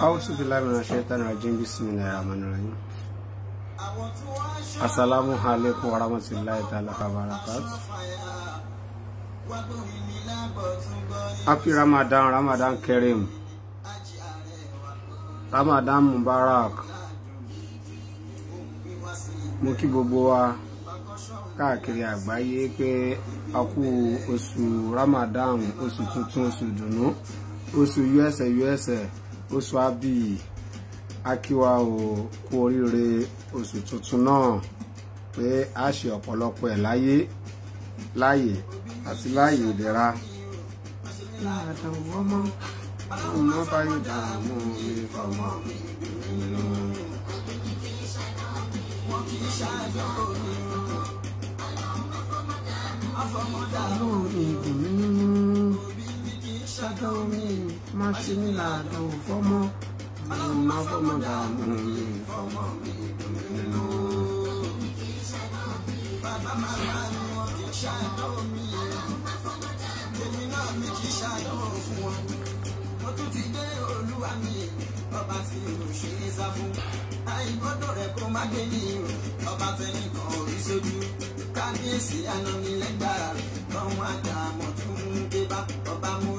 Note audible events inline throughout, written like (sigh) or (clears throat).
Auzu billahi minash shaitani rajim bismillahir rahmanir rahim Assalamu alaikum warahmatullahi ta'ala wabarakatuh Happy Ramadan Ramadan Kareem Ramadan Mubarak Mo kí gbogbo wa káàkiri àgbáyé pé a kú oṣù Ramadan oṣù tuntun oṣù dùnú oṣù yẹ́sẹ̀ yẹ́sẹ̀ oṣù àbí akíwa o kú oríire oṣù tuntun náà pé a ṣe ọ̀pọ̀lọpọ̀ ẹ̀ láyé láyè àti láyè ìlera láàdàn ọmọ báyìí dààmú mi mọ́síní làdùn fọ́mọ́ ọmọ fọ́mọ́ dààmú yé fọ́mọ́ mi dùn nínú. bàbá màmá ni wọn kì í ṣàdánwò mi èmi mi kì í ṣàdánwò fún wọn mo tún ti dé olúwa mi ọba tí mo ṣe é sá fún àìgbọ́dọ̀ rẹ̀ kó má gbé ní ìrò ọba tẹnìkan orí sójú kábíyèsí àná mi lẹ́gbàá lọ́wọ́n àdàmú.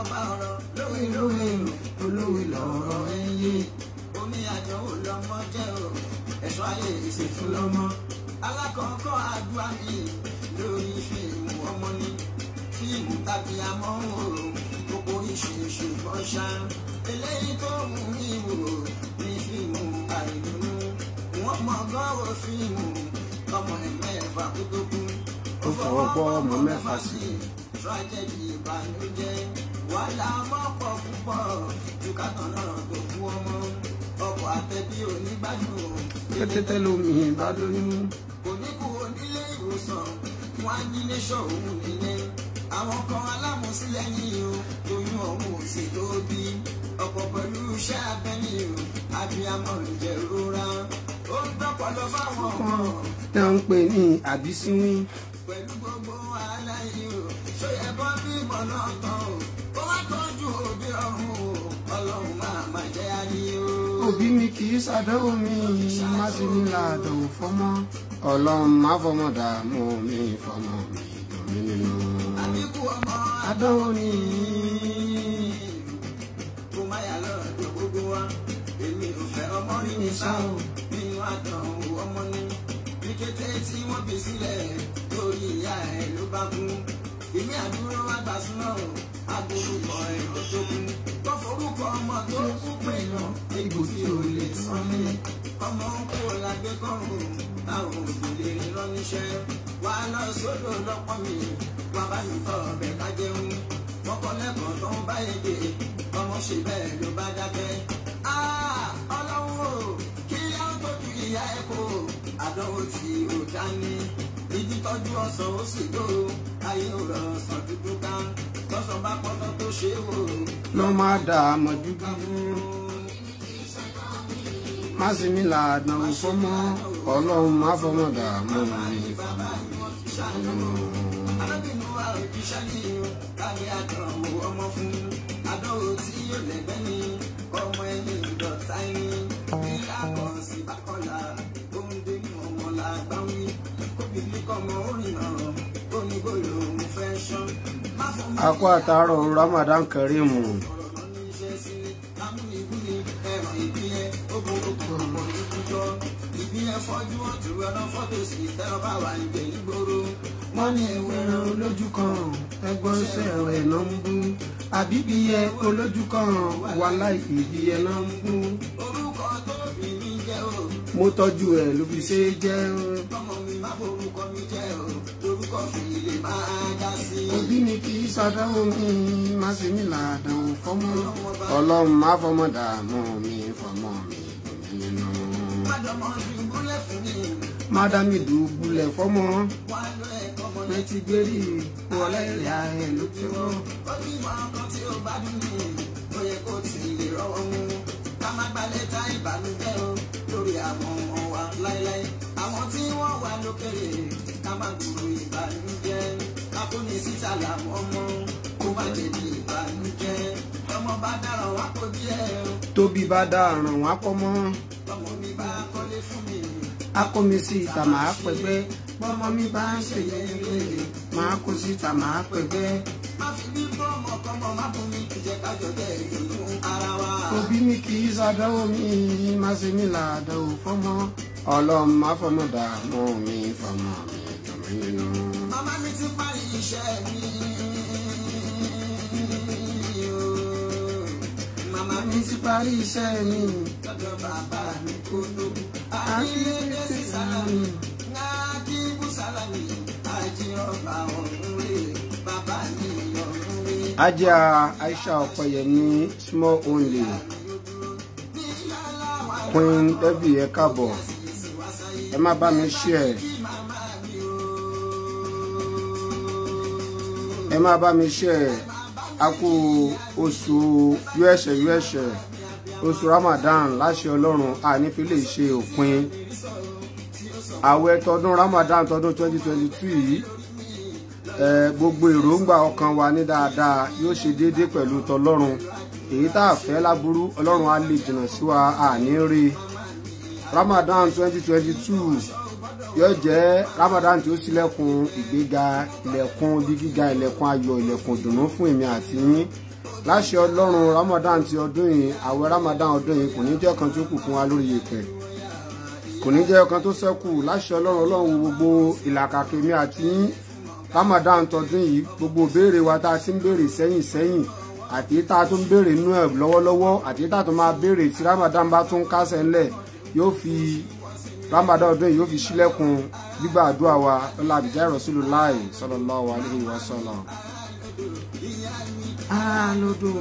ọba ọ̀rọ̀ lówì lówì olówì lọ́rọ̀ ẹyẹ omi àdánwò lọmọ jẹ́ o ẹ̀ṣọ́ ayé ìṣètún lọ́mọ alákọ̀ọ́kọ́ àdúrà mi lórí fíìmù ọmọ ni fíìmù tàbí amóhùn gbogbo ìṣèṣù ọ̀ṣà eléyìí tó mú mi wò ní fíìmù àìdùnnú wọ́n mọ̀ gọ́wọ́ fíìmù ọmọ ẹ̀mẹ́fà kútókù ó fọwọ́ gbọ́ ọmọ mẹ́fà sí i tragedy ìbànújẹ́ wàhálà mọ́pọ̀ púpọ̀ ju kákan náà tó kú ọmọ ọkọ̀ àtẹ̀bí onígbàdùn. kẹ́tẹ́tẹ́ lomi ìbá lóyún. oníkù onílé ìwòsàn wọn á ní nation òun nìyẹn àwọn kan alámùsílẹ́yìn o lóyún ọ̀hún ò tó bí ọ̀pọ̀ pẹ̀lú iṣẹ́ abẹ́ni o abiyamọ ìjẹ̀rora ó ń dọ́pọ̀ lọ fáwọn ọmọ. tá ń pè ní àbísíwín. pẹ̀lú gbogbo aláyé o ṣó yẹ bọ́ tán o tọ́jú òbí ọ̀hún ọlọ́run máa má jẹ́ ayé o. òbí mi kì í ṣàdánwò mi má sì ní làdánwò fọmọ ọlọ́run má fọmọ dààmú mi fọmọ mi dùn nínú. àbíkú ọmọ àdánwò kó má yà lọ́dọ̀ gbogbo wa èmi ò fẹ́ ọmọ rí mi sá o nínú àdánwò ọmọ ni bí kété tí wọ́n bí sílẹ̀ lórí ìyá ẹ̀ ló bá kú èmi àdúró agbàsúnmọ́ agbórúkọ ẹ̀rọ tó kú tó forúkọ ọmọ tó kú pé ìran egbò tí ò lè san mí ọmọ ń kó lágbé kọrùn táwọn òbí lè rán níṣẹ́ wà lọ sódò lọ́pọ̀ mi wà bá mi kọ́ ọbẹ̀ ká jẹun wọ́n lẹ́kọ̀ọ́ tó ń bá èdè ọmọ ṣe bẹ́ẹ̀ ló bá dákẹ́ ọlọ́run kí á tó ju ìyá ẹ̀ àdánwò tí ò dání tọ́jú ọsàn ó sì gbó ayé ò rọ ọsàn dúdú lọ́sàn bá pọ́tọ́ tó ṣe é wò. ló má dà á mọ̀ dúdú. má sì mí là àdánwò fọmọ ọlọ́run má fọmọ dà á mọ̀ mi. alábìnrin wa ò jíṣẹ́ ní ìhun káàkiri ọmọ fún adóhùn tí yóò lẹ́gbẹ́ ni. akọ àtàárọ̀ Ramadan Kareem fọ́jú òtúrú ẹ̀rọ olójú kan ẹgbọ́n sọ ẹ̀rọ náà ń bú àbíbíyẹ olójú kan wàhálà ìbíyẹ náà ń bú. orúkọ tóbi mo tọ́jú ẹ̀ ló fi ṣe jẹ́ o. ọmọ mi má borúkọ mi jẹ́ o lórúkọ fi lè máa dá sí i. òbí mi kì í ṣàdánwò mi má ṣe mí làdánwò fọ́mọ ọlọ́run má fọmọ dààmú mi fọmọ mi nínú. mádàmọ́ dùbúlẹ̀ fún mi. mádàmí dùbúlẹ̀ fọ́mọ. wà á lọ ẹ̀kọ́ mọ́ mi ti gbé rí ipò ọlẹ́rìí ààrẹ ló pé wọ́n. ó bí ìwà ọkàn tí ó bá dùn mí ó yẹ kó tì í lè rọ́wọ́ mú ká má gbalẹ̀ tá àwọn ọmọ wa láéláé àwọn tí wọ́n wà lókèrè ká má gbúrò ìbànújẹ́ akóni síta làwọn ọmọ kó má lè di ọmọ bá dáràn wá kó díẹ̀. tóbi bá dáràn wá pọ̀ mọ́. ọmọ mi bá kọ́lé fún mi. akómi sí ìta màá pẹ̀gbẹ́ bọ́mọ mi bá ń ṣèyẹ eré màá kó síta màá pẹ̀gbẹ́. má fi bí bọ́ọ̀mù ọkọ̀ mọ́ má bùnmi jẹ́ ká jọ bẹ́ẹ̀ rí òbí mi kì í ṣàdánwò mi má ṣe mí làdánwò fọmọ ọlọ́run má fọmọ dààmú mi fọmọ mi dùn mí nínú. mama, mi ti parí iṣẹ́ mi. mama, mi ti parí iṣẹ́ mi. lọ́dọ̀ bàbá mi kó lóko. àdìyẹ sísálàmì náà kí bùsálàmì àjẹrò bá wọn kúrẹ́ ajá aisha ọpẹyẹmí small only queen debbie ekabo. káàbọ̀ ẹ má bá mi share ẹ má bá mi share a kú oṣù yúẹsẹ yúẹsẹ oṣù ramadan láṣẹ Ọlọ́run àní fi lè ṣe òpin ààwẹ̀ tọdún ramadan tọdún twenty twenty two gbogbo èròǹgbà ọkàn wa ní dáadáa yóò ṣe déédéé pẹ̀lú tọlọ́run èyí tá a fẹ́ láburú ọlọ́run á lè jìnnà sí wa àní rí Ramadan 2022 yóò jẹ́ Ramadan tí ó ṣílẹ̀kùn ìgbéga ilẹ̀kùn ibi gíga ilẹ̀kùn ayọ̀ ilẹ̀kùn ìdùnnú fún èmi àti yín láṣẹ ọlọ́run Ramadan ti ọdún yìí àwẹ̀ Ramadan ọdún yìí kò ní jẹ́ kan tó kù fún wa lórí ìpẹ́ kò ní jẹ́ kan tó ṣẹ́kù láṣẹ ọlọ́run ọlọ́run gbogbo ìlàkàkẹ́ mi àti yín ramadan tọdún yìí gbogbo ìbéèrè wa tá a ti ń béèrè sẹ́yìn sẹ́yìn àti tá a tún béèrè inú ẹ̀ lọ́wọ́lọ́wọ́ àti tá a tún máa béèrè tí ramadan bá tún kásẹ̀ ńlẹ̀ yóò fi ramadan ọdún yìí yóò fi ṣílẹ̀kùn gbígbà àdúrà wa ọlá àbíjá ìrọ̀sílù láì sallallahu alaihi wasallam. àlòdò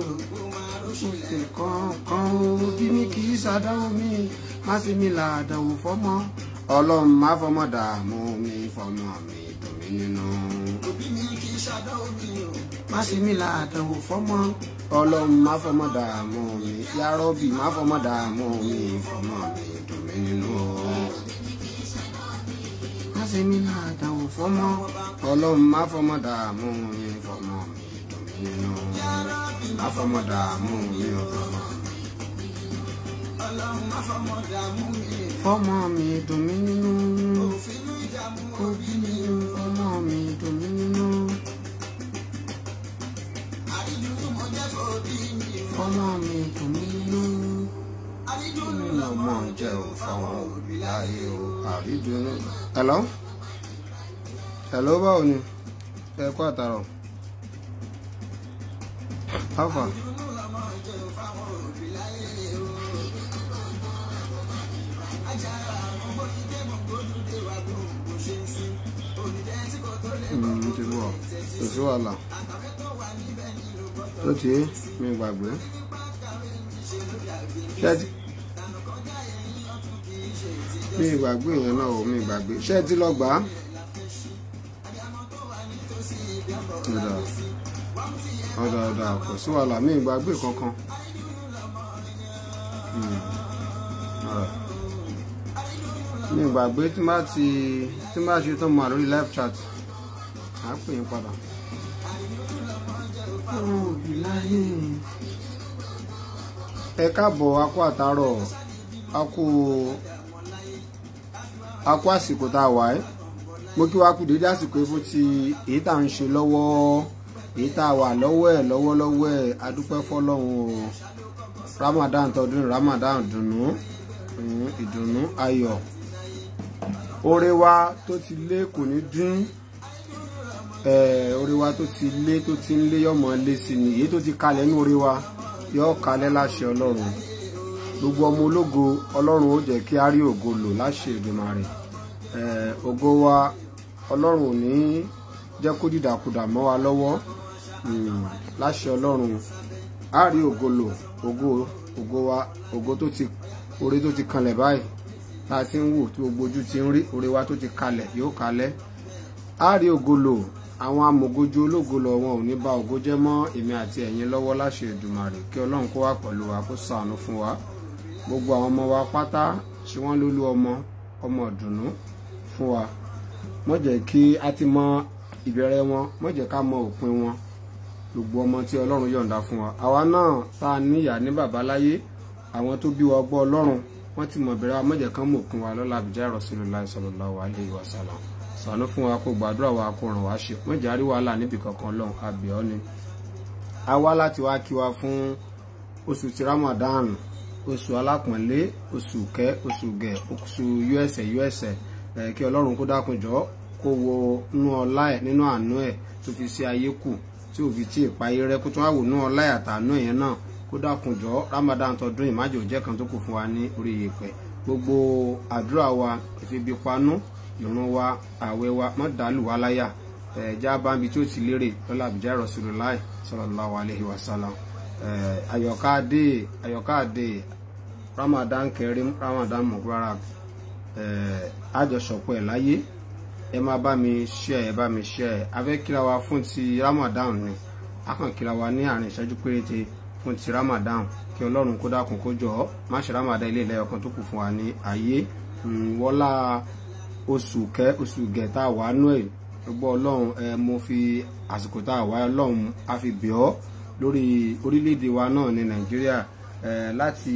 òṣèlú kankan bí mi kì í ṣàdánwò mi má sì mi là àdàwò fọmọ. ọlọ́run má fọmọ dààmú mi fọmọ mi mi nínú. òbí mi kì í ṣàdánwò bìyàn. má ṣe mí la àdánwò fọmọ. ọlọ́run má fọmọ dààmú mi yárọ́bì má fọmọ dààmú mi fọmọ mi dùn mí nínú. má ṣe mí la àdánwò fọmọ. ọlọ́run má fọmọ dààmú mi fọmọ mi dùn mí nínú. má fọmọ dààmú mi fọmọ mi fọmọ mi dùn mí nínú fọmọ mi dùn mí nínú fọmọ mi dùn mí nínú àrídùnnú lọmọ jẹ́ ò fáwọn òbí láyé o àrídùnnú. hello hello báwo ni ẹ kú àtàrọ how far. sí wàhálà tó ti é mi gbàgbé ṣẹ́ẹ̀tì mi gbàgbé yẹn náà ò mi gbàgbé ṣẹ́ẹ̀tì lọ gbà á. ọ̀dà ọ̀dà ọ̀dà kò sí wàhálà mi gbàgbé kankan. Hmm. mi gbàgbé tí má ti tí má ṣe tán mọ àlórí live chat à ń pè yín padà àwọn òbí láyé ẹ káàbọ̀ a kú àtàárọ̀ a kú a kú àsìkò tá a wà ẹ́ mo kí wa kú dédé àsìkò fún ti èyí tá à ń ṣe lọ́wọ́ èyí tá a wà lọ́wọ́ ẹ̀ lọ́wọ́lọ́wọ́ ẹ̀ adúpẹ́ fọlọ́run o Ramadan tọdún Ramadan dùnú ìdùnnú ayọ̀ Orewa wa tó ti lé kò ní dín. Eh, orí wa tó ti lé tó ti ń lé yọmọ lé sí ni èyí tó ti kalẹ̀ ní orí wa yọ kalẹ̀ láṣẹ ọlọ́run gbogbo ọmọ ológo ọlọ́run ó jẹ́ kí á rí ògo lò láṣẹ Èdùmàrè eh, ògo wa ọlọ́run ò ní jẹ́ kó dìdàkudà mọ́ wa lọ́wọ́ hmm, láṣẹ ọlọ́run á rí ògo lò ògo ògo wa ògo tó ti orí tó ti kanlẹ̀ báyìí tá a ti ń wò tí gbogbo ojú ti ń rí orí wa tó ti kalẹ̀ yóò kalẹ̀ á rí ògo lò àwọn amògójú ológo lọ wọn ò ní ba ògo jẹ́ mọ́ èmi àti ẹ̀yin lọ́wọ́ láṣẹ Èdùmàrè kí Ọlọ́run kó wà pẹ̀lú wa kó ṣàánú fún wa gbogbo àwọn ọmọ wa pátá tí wọ́n lólú ọmọ ọmọ ìdùnnú fún wa má jẹ́ kí a ti mọ ìbẹ̀rẹ̀ wọn má jẹ́ ká mọ òpin wọn gbogbo ọmọ tí Ọlọ́run yọ̀ǹda fún wa àwa náà tá a níyà ní bàbá láyé àwọn tó bí wa gbọ́ Ọlọ́run wọ́n ti mọ̀ bẹ̀rẹ̀ wa má jẹ́ kán mọ̀ òpin wa lọ́la àbújá ìrọ̀sílùláì sallallahu ṣàánú fún wa kó gbàdúrà wa kó ràn wá ṣe wọ́n járí wàhálà níbi kankan lọ́hùn àbẹ̀ ọ́ ni. a wá láti wá kí wa fún oṣù ti Ramadan oṣù alápọ̀nlé oṣù kẹ́ oṣù gẹ̀ oṣù uẹ̀sẹ̀ uẹ̀sẹ̀ kí ọlọ́run kó dákun jọ kó wo nú ọlá ẹ̀ nínú àánú ẹ̀ tó fi sí ayé kù tí ò fi tí ì parí rẹ kó tún wá wò nú ọlá ẹ̀ àtàánú ẹ̀ yẹn náà kó dákun jọ Ramadan tọdún ìmájò jẹ́ kan tó kù fún wa ní orí yèpẹ̀ gbogbo àdúrà wa ìfibipanú ìrun wa àwẹ̀ wa má dàálù wa láyà ẹ̀ẹ́dá báńbi tí ó ti lérè lọ́la àbújá Rasulullahi sallallahu alaihi wasallam ayọ̀káàdé ayọ̀káàdé Ramadan Kareem Ramadan Mubarak àjọṣọpọ̀ ẹ̀ láyé ẹ máa bá mi ṣe ẹ bá mi ṣe ẹ afẹ́ kíra wa fún ti Ramadan ni akàn kíra wa ní àárín ìṣẹ́jú péréte fún ti Ramadan kí ọlọ́run kó dákun kó jọ má ṣe Ramadan ilé ìlẹ́yọ̀kan tó kù fún wa ní ayé hmm, wọ́lá oṣù kẹ oṣù gẹ tá a wà nú ẹ gbogbo Ọlọ́run ẹ mo fi àsìkò tá a wà Ọlọ́run a fi bẹ̀ ọ́ lórí orílẹ̀ wa náà ní Nàìjíríà ẹ láti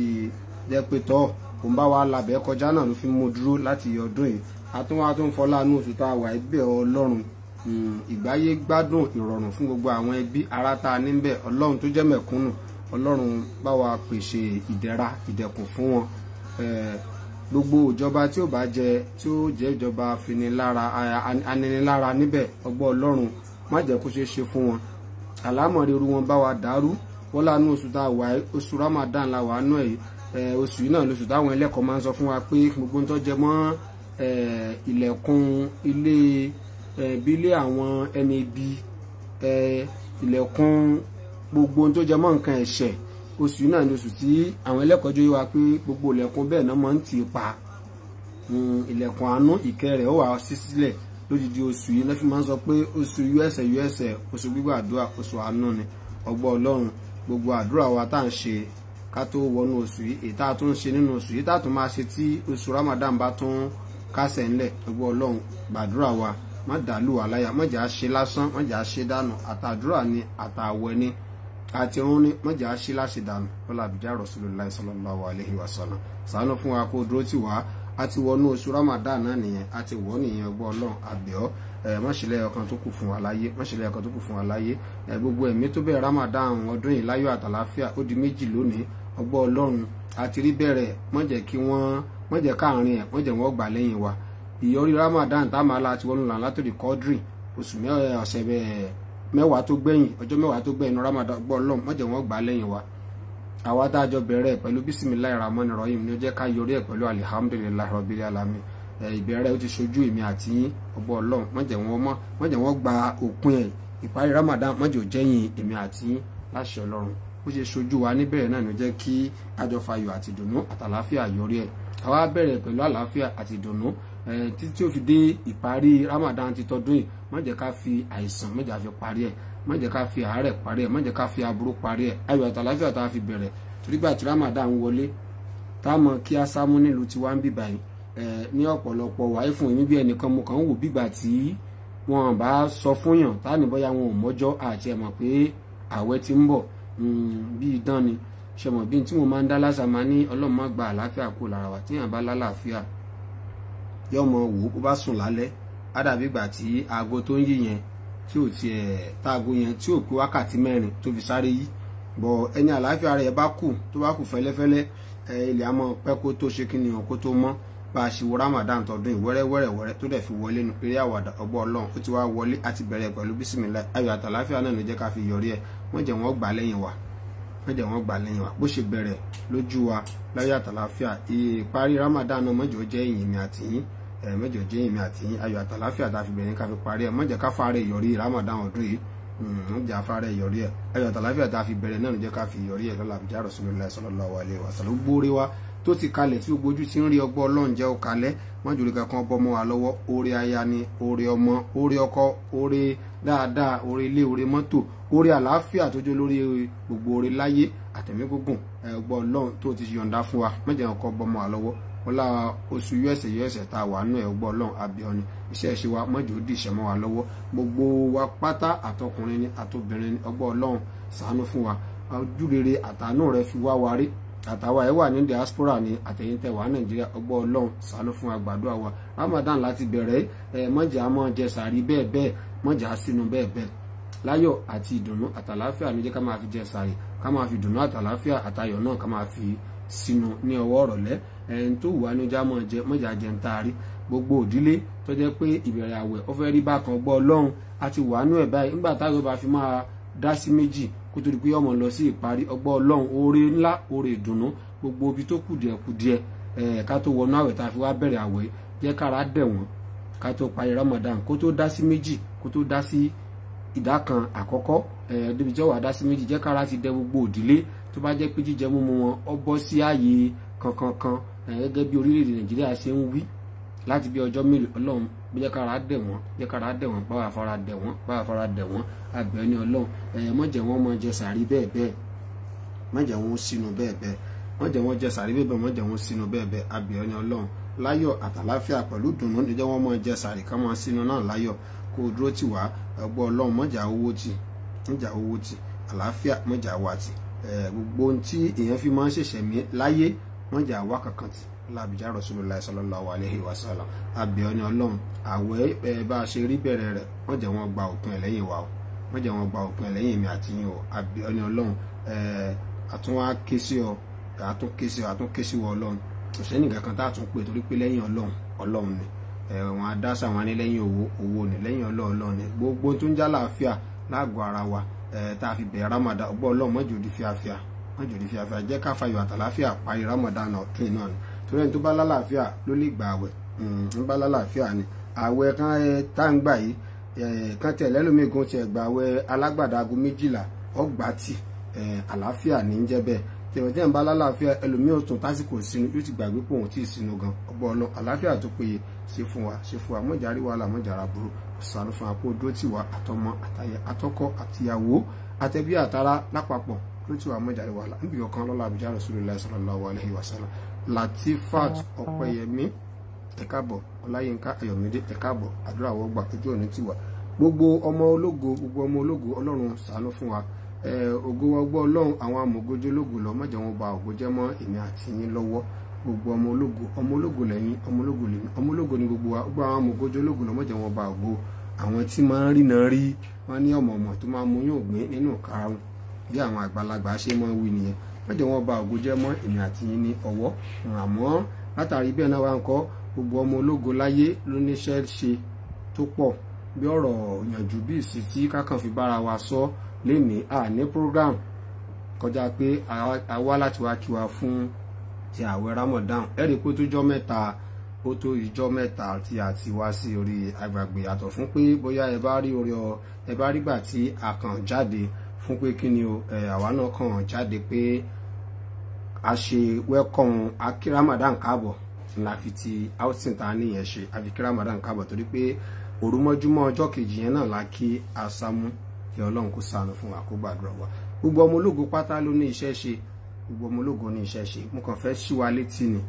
jẹ́ pé tọ́ òun bá wa labẹ́ kọjá náà ló fi mú dúró láti ọdún yìí àtúnwá tó ń fọlá inú oṣù tá a wà ẹ bẹ̀ hmm, ìgbáyé gbádùn ìrọ̀rùn fún gbogbo àwọn ẹbí ará tá a níbẹ̀ Ọlọ́run tó jẹ́ mẹ̀kúnnù Ọlọ́run bá wa pèsè ìdẹ̀ra ìdẹ̀kùn fún wọn gbogbo ìjọba tí ó bá jẹ tí ó jẹ ìjọba afinilára aninilára níbẹ̀ ọgbọ́n ọlọ́run má jẹ́ kó ṣeé ṣe fún wọn àlámọ̀rí irú wọn bá wa dàrú wọ́n lánú oṣù tá a wà oṣù Ramadan la wà nù ẹ̀ oṣù yìí náà lóṣù táwọn ẹlẹ́kọ̀ọ́ máa ń sọ fún wa pé gbogbo ń tó jẹ mọ́ ilẹ̀kùn ilé bílé àwọn ẹni ibi ilẹ̀kùn gbogbo ń tó jẹ nǹkan ẹ̀ṣẹ̀ oṣù náà ni oṣù tí àwọn ẹlẹ́kọ̀ọ́ jó yé wa pé gbogbo ilẹ̀kùn bẹ́ẹ̀ náà máa ń tì í pa hmm, ilẹ̀kùn àánú ìkẹ́ ó wà sí sílẹ̀ lódìdí oṣù yìí lọ́fí máa ń sọ pé oṣù usa usa oṣù gbígbà àdúrà oṣù àánú ni ọgbọ́ ọlọ́run gbogbo àdúrà wa tá à ń ṣe ká tó wọnú oṣù yìí èyí tá a tún ń ṣe nínú oṣù yìí tá a tún máa ṣe tí oṣù ramadan bá tún kásẹ̀ ńlẹ̀ ọgbọ́ ọlọ́run gbàdúrà wa má dàlú wa láyà má jà á ṣe lásán má jà á ṣe dànù àtàdúrà ni àtàwẹ̀ ni àti irun ní mọ̀jà ṣí láṣẹ dànù lọ́la àbíjà Rasulullahi sallallahu alaihi wasallam sànú fún wa kó dúró tì wá a ti wọnú oṣù Ramadan náà nìyẹn a ti wọ̀ nìyẹn ọgbọ́ Ọlọ́run àbẹ̀ọ́ mọ̀ṣẹ̀lẹ̀ ọkàn tó kù fún wa láyé mọ̀ṣẹ̀lẹ̀ ọkàn tó kù fún wa láyé gbogbo ẹ̀mí tó bẹ̀rẹ̀ Ramadan ọdún yìí láyọ̀ àtàláfíà ó di méjì lónìí ọgbọ́ Ọlọ́run àti rí bẹ̀rẹ̀ mọ̀jẹ̀ kí wọ́n mọ̀jẹ̀ káàrin ẹ̀ mọ̀jẹ̀ wọ́n gbà lẹ́yìn wa ìyọrí Ramadan tá a máa la ti wọnú làǹlá tó di kọ́dírì oṣù mẹ́rin mẹ́wàá tó gbẹ̀yìn ọjọ́ mẹ́wàá tó gbẹ̀yìn Ramadan gbọ́ ọlọ́run má jẹ́ wọ́n gbà á lẹ́yìn wa àwa tá a jọ bẹ̀rẹ̀ pẹ̀lú bisimilayi rahman rahim ni ó jẹ́ ká yọrí ẹ̀ pẹ̀lú alihamdulilayi rabbil alamin ìbẹ̀rẹ̀ ó ti ṣojú èmi àti yín ọgbọ́ ọlọ́run má jẹ́ wọ́n mọ́ má jẹ́ wọ́n gba òpin ẹ̀ ìparí Ramadan má jẹ́ òjẹ́yìn èmi àti yín láṣẹ ọlọ́run ó ṣe ṣojú wa níbẹ̀rẹ̀ náà ni ó jẹ́ kí àjọfàyọ̀ àti ìdùnnú àtàlàáfíà yọrí ẹ̀ àwa bẹ̀rẹ̀ pẹ̀lú àlàáfíà àti ìdùnnú títí tí ó fi dé ìparí Ramadan ti tọdún yìí má jẹ́ ká fi àìsàn má jẹ́ ká fi parí ẹ̀ má jẹ́ ká fi àárẹ̀ parí ẹ̀ má jẹ́ ká fi aburú parí ẹ̀ ayọ̀ àtàláfíà tá a fi bẹ̀rẹ̀ torígbà tí Ramadan wọlé tá a kí a sá mú nílùú tí wàá ń bì báyìí ní ọ̀pọ̀lọpọ̀ wáyé fún èmi bí ẹnìkan mo kàn ń wò bígbà tí wọn bá sọ fún yàn tá ní bóyá wọn ò mọ́jọ́ àti ẹ̀ mọ̀ pé àwẹ̀ ti ń bọ̀ hmm, bíi dán ni ṣe mọ̀ bí tí mo máa ń dá lásà máa ní Ọlọ́run gba àlàáfíà kó lára wa téèyàn bá lálàáfíà yóò mọ wò ó bá sùn lálẹ́ á dàbí ìgbà tí aago tó ń yí yẹn tí ò tiẹ̀ táago yẹn tí ò pé wákàtí mẹ́rin tó fi sáré yí bọ̀ ẹni àlàáfíà rẹ̀ bá kù tó bá kù fẹ́lẹ́fẹ́lẹ́ ilẹ̀ àmọ́ pẹ́ kó tó ṣe kí ni ọ̀kó tó mọ́ bá a ṣe wo Ramadan tọdún ìwẹ́rẹ́wẹ́rẹ́wẹ́rẹ́ tó dẹ̀ fi wọlé nu eré àwàdà ọgbọ́ ọlọ́run ó ti wá wọlé àti bẹ̀rẹ̀ pẹ̀lú bísímìlá ayọ̀ àtàláfíà náà ló jẹ́ ká fi yọrí ẹ̀ wọ́n jẹ́ wọ́n gbà lẹ́yìn wa wọ́n jẹ́ wọ́n gbà lẹ́yìn wa bó ṣe bẹ̀rẹ̀ lójú wa láyọ̀ àtàláfíà ìparí Ramadan náà mọ́jọ́ jẹ́ ìyìn àtìyìn mẹ́jọ jẹ́ èmi àti ayọ̀ àtàláfíà tá a fi bẹ̀rẹ̀ ká fi parí ẹ̀ mọ̀jẹ̀ ká fara ìyọrí Ramadan ọdún yìí mọ̀jẹ̀ hmm, afárá ìyọrí ẹ̀ ayọ̀ àtàláfíà tá a fi bẹ̀rẹ̀ náà jẹ́ ká fi ìyọrí ẹ̀ lọ́la àbújá Rasulullah sallallahu alaihi wasallam gbóore wa tó ti kalẹ̀ tí gbogbo ojú ti ń rí ọgbọ́ ọlọ́run jẹ́ ó kalẹ̀ mọ́jòlè kankan bọ́ mọ́ wa lọ́wọ́ oore aya ni oore ọmọ oore ọkọ oore dáadáa oore ilé oore mọ́tò oore àlàáfíà tó jó lórí gbogbo oore láyé àtẹ̀mí gúngùn ẹ̀gbọ́ ọlọ́run tó ti yọ̀ǹda fún wa mọ́jẹ̀ kankan bọ́ mọ́ wa lọ́wọ́ ọlá oṣù yọ̀ọ̀sẹ̀ yọ̀ọ̀sẹ̀ tá a wà nù ẹ̀ gbọ́ ọlọ́run abiọ́ni iṣẹ́ ìṣe wa mọ́jọ́ ó dìṣẹ́ mọ́ wa lọ́wọ́ gbogbo wa pátá àtọkùnrin ni àtobìnrin ni ọgbọ́ ọlọ́run ṣàánú fún wa ojúrere àtàánú rẹ fi wá wa rí àtàwa ẹ wà ní diaspora ni àtẹ̀yìntẹ̀ wà nàìjíríà ọgbọ́ ọlọ́run ṣàánú fún wa gbàdúrà wa ramadan láti bẹ̀rẹ̀ ẹ mọ́jà mọ́ jẹ sàrí bẹ́ẹ̀ bẹ́ẹ̀ mọ́jà sínú bẹ́ẹ̀ bẹ́ẹ̀ láyọ̀ àti ìdùnnú àtàláfíà ló jẹ́ ká máa fi jẹ sàrí ká máa fi dùnnú àtàláfíà àtayọ̀ náà ká máa fi sínú ní ọwọ́ ọ̀rọ̀lẹ́ ẹni tó wà ní ọjà mọ̀jà jẹun taari gbogbo òdílé tó jẹ́ pé ìbẹ̀rẹ̀ àwẹ̀ ó fẹ́ rí bákan gbọ́ ọlọ́run àti wàánú ẹ̀ báyìí nígbà táwọn bá fi máa dá sí méjì kó tó di pé ọmọ lọ sí ìparí ọgbọ́ ọlọ́run oore ńlá oore ìdùnnú gbogbo ibi tó kù díẹ̀ kù díẹ̀ ká tó wọnú àwẹ̀ tá a fi wá bẹ̀rẹ̀ àwẹ̀ jẹ́ kára dẹ̀ wọ́n ká tó parí Ramadan kó tó dá sí méjì kó tó dá sí ìdá kan àkọ́kọ́ ẹ̀ débi tí ó wà dá sí méjì jẹ́ kára ti dẹ gbogbo òdílé tó bá jẹ́ pé jíjẹ mímu wọn ọ bọ́ sí ààyè kankan gẹ́gẹ́ bí orílẹ̀-èdè nàìjíríà ṣe ń wí láti bí ọjọ́ mélòó ọlọ́run jẹ́ kára dẹ̀ wọ́n jẹ́ kára dẹ̀ wọ́n báwa fara dẹ̀ wọ́n báwa fara dẹ̀ wọ́n àbẹ̀ ni ọlọ́run ẹ̀yẹ mọ̀jẹ̀ wọ́n mọ̀ jẹ sàrí bẹ́ẹ̀ bẹ́ẹ̀ mọ̀jẹ̀ wọ́n sínú bẹ́ẹ̀ bẹ́ẹ̀ mọ̀jẹ̀ wọ́n jẹ sàrí bẹ́ẹ̀ bẹ́ẹ̀ mọ̀jẹ̀ wọ́n sínú bẹ́ẹ̀ bẹ́ẹ̀ àbẹ̀ ni ọlọ́run láyọ̀ àtàláfíà pẹ̀lú dùnú jẹ́ wọ́n mọ̀ jẹ sàrí ká mọ̀ sínú náà láyọ̀ kó o dúró tì wá ẹgbọ́ ọlọ́run mọ̀jà owó tì mọ̀jà owó tì àlàáfíà mọ̀jà wà tì gbogbo ohun tí èèyàn fi máa ń ṣẹ̀ṣẹ̀ mí láyé mọ̀jà wá kankan tì lábìjà Rasulullah sallallahu alaihi wasallam àbẹ̀ọ́ ni ọlọ́run àwẹ̀ ẹ bá a ṣe rí bẹ̀rẹ̀ rẹ̀ mọ̀jà wọn gba òpin ẹ̀ lẹ́yìn wa o mọ̀jà wọn gba òpin ẹ̀ lẹ́yìn mi àti yín o àbẹ̀ọ́ ni ọlọ́run àtúnwá ké sí ọ àtún ké sí ọ àtún ké sí wọ ọlọ́run kò sẹ́ni kankan tá a tún pè torí pé lẹ́yìn ọlọ́run ọlọ́run ni wọn adásà wọn ní lẹ́yìn owó owó ni lẹ́yìn ọlọ́run ni gbogbo tó ń já láàfíà láàgọ̀ ara wa tá a fi bẹ̀rẹ̀ Ramadan ọgbọ́ ọlọ́run mọ́jọ́ di fíafíà má jòlè fi àfẹ́ jẹ́ ká fayọ̀ àtàláfíà parí Ramadan ọ̀tún iná ni torí ẹni tó bá lálàáfíà ló lè gbà àwẹ̀ ń hmm, bá lálàáfíà ni àwẹ̀ kan eh, tá ń gbà yìí eh, kan tẹ̀ lẹ́lòmíì gan tiẹ̀ gbà àwẹ̀ alágbàdá aago méjìlá ọgbà tì eh, àlàáfíà ní í jẹ́ bẹ́ẹ̀ tẹ̀wẹ̀ tí ẹ̀ ń bá lálàáfíà ẹlòmíì ọ̀tún tásìkò sínú yóò ti gbàgbé pòun tí ì sínú gan ọgbọ́n ọlọ àlàáfíà tó péye ṣe fún wa ṣe fún wa mọ̀járí wàhálà mọ̀jára burú ṣàánú fún wa kó dúró tì wá àtọmọ àtàyẹ àtọkọ àtìyàwó àtẹbí àtara lápapọ̀ ló ti wà mọ́ ìjàre wàhálà níbi ọ̀kan lọ́la àbújá Rasulullah sallallahu alaihi wasallam Latifat Ọpẹ́yẹmí ẹ̀káàbọ̀ Ọláyínká Ayọ̀mídé ẹ̀káàbọ̀ àdúrà wọ́gbà ojú òní ti gbogbo ọmọ ológo gbogbo ọmọ ológo Ọlọ́run ṣàánú fún wa ògo ọgbọ Ọlọ́run àwọn amògójì ológo lọ má jẹ́ wọn ba ògo jẹ́ mọ́ èmi àti yín lọ́wọ́ gbogbo ọmọ ológo ọmọ ológo lẹ́yìn ọmọ ológo lẹ́yìn ọmọ ológo ni gbogbo wa gbogbo àwọn amògójì ológo lọ má jẹ́ wọn ba ògo àwọn tí máa ń rí náà rí wọn ní ọmọ tó máa mú yóò gbé nínú ìkarahun bí àwọn àgbàlagbà ṣe mọ́ wí nìyẹn mẹ́jọ wọn ba ògo jẹ́ mọ́ èmi àti yín ní ọ̀wọ́ àmọ́ látàrí bẹ́ẹ̀ náà wá ń kọ́ gbogbo ọmọ ológo láyé ló níṣẹ́ ṣe tó pọ̀ bí ọ̀rọ̀ ìyànjú bí ìsì tí kákan fi bára wa sọ lénìí à ní program kọjá pé a láti wá kí wa fún ti àwẹ̀ Ramadan ẹ pé tó jọ́ mẹ́ta ó tó ìjọ́ mẹ́ta tí a wá sí orí agbègbè yàtọ̀ fún pé bóyá ẹ bá rí orí ọ ẹ bá rí gbà tí a kàn jáde fún pé kí ni o àwa náà kàn jáde pé a ṣe welcome akí Ramadan káàbọ̀ la fi ti outing ta nìyẹn ṣe a fi kí Ramadan káàbọ̀ torí pé òrùmọ́júmọ́ ọjọ́ kejì yẹn náà la kí asámú kí Ọlọ́run kó ṣàánú fún wa kó gbàdúrà wa gbogbo ọmọ ológo pátá ló ní iṣẹ́ ṣe gbogbo ọmọ ní iṣẹ́ ṣe mo kàn fẹ́ ṣí létí ni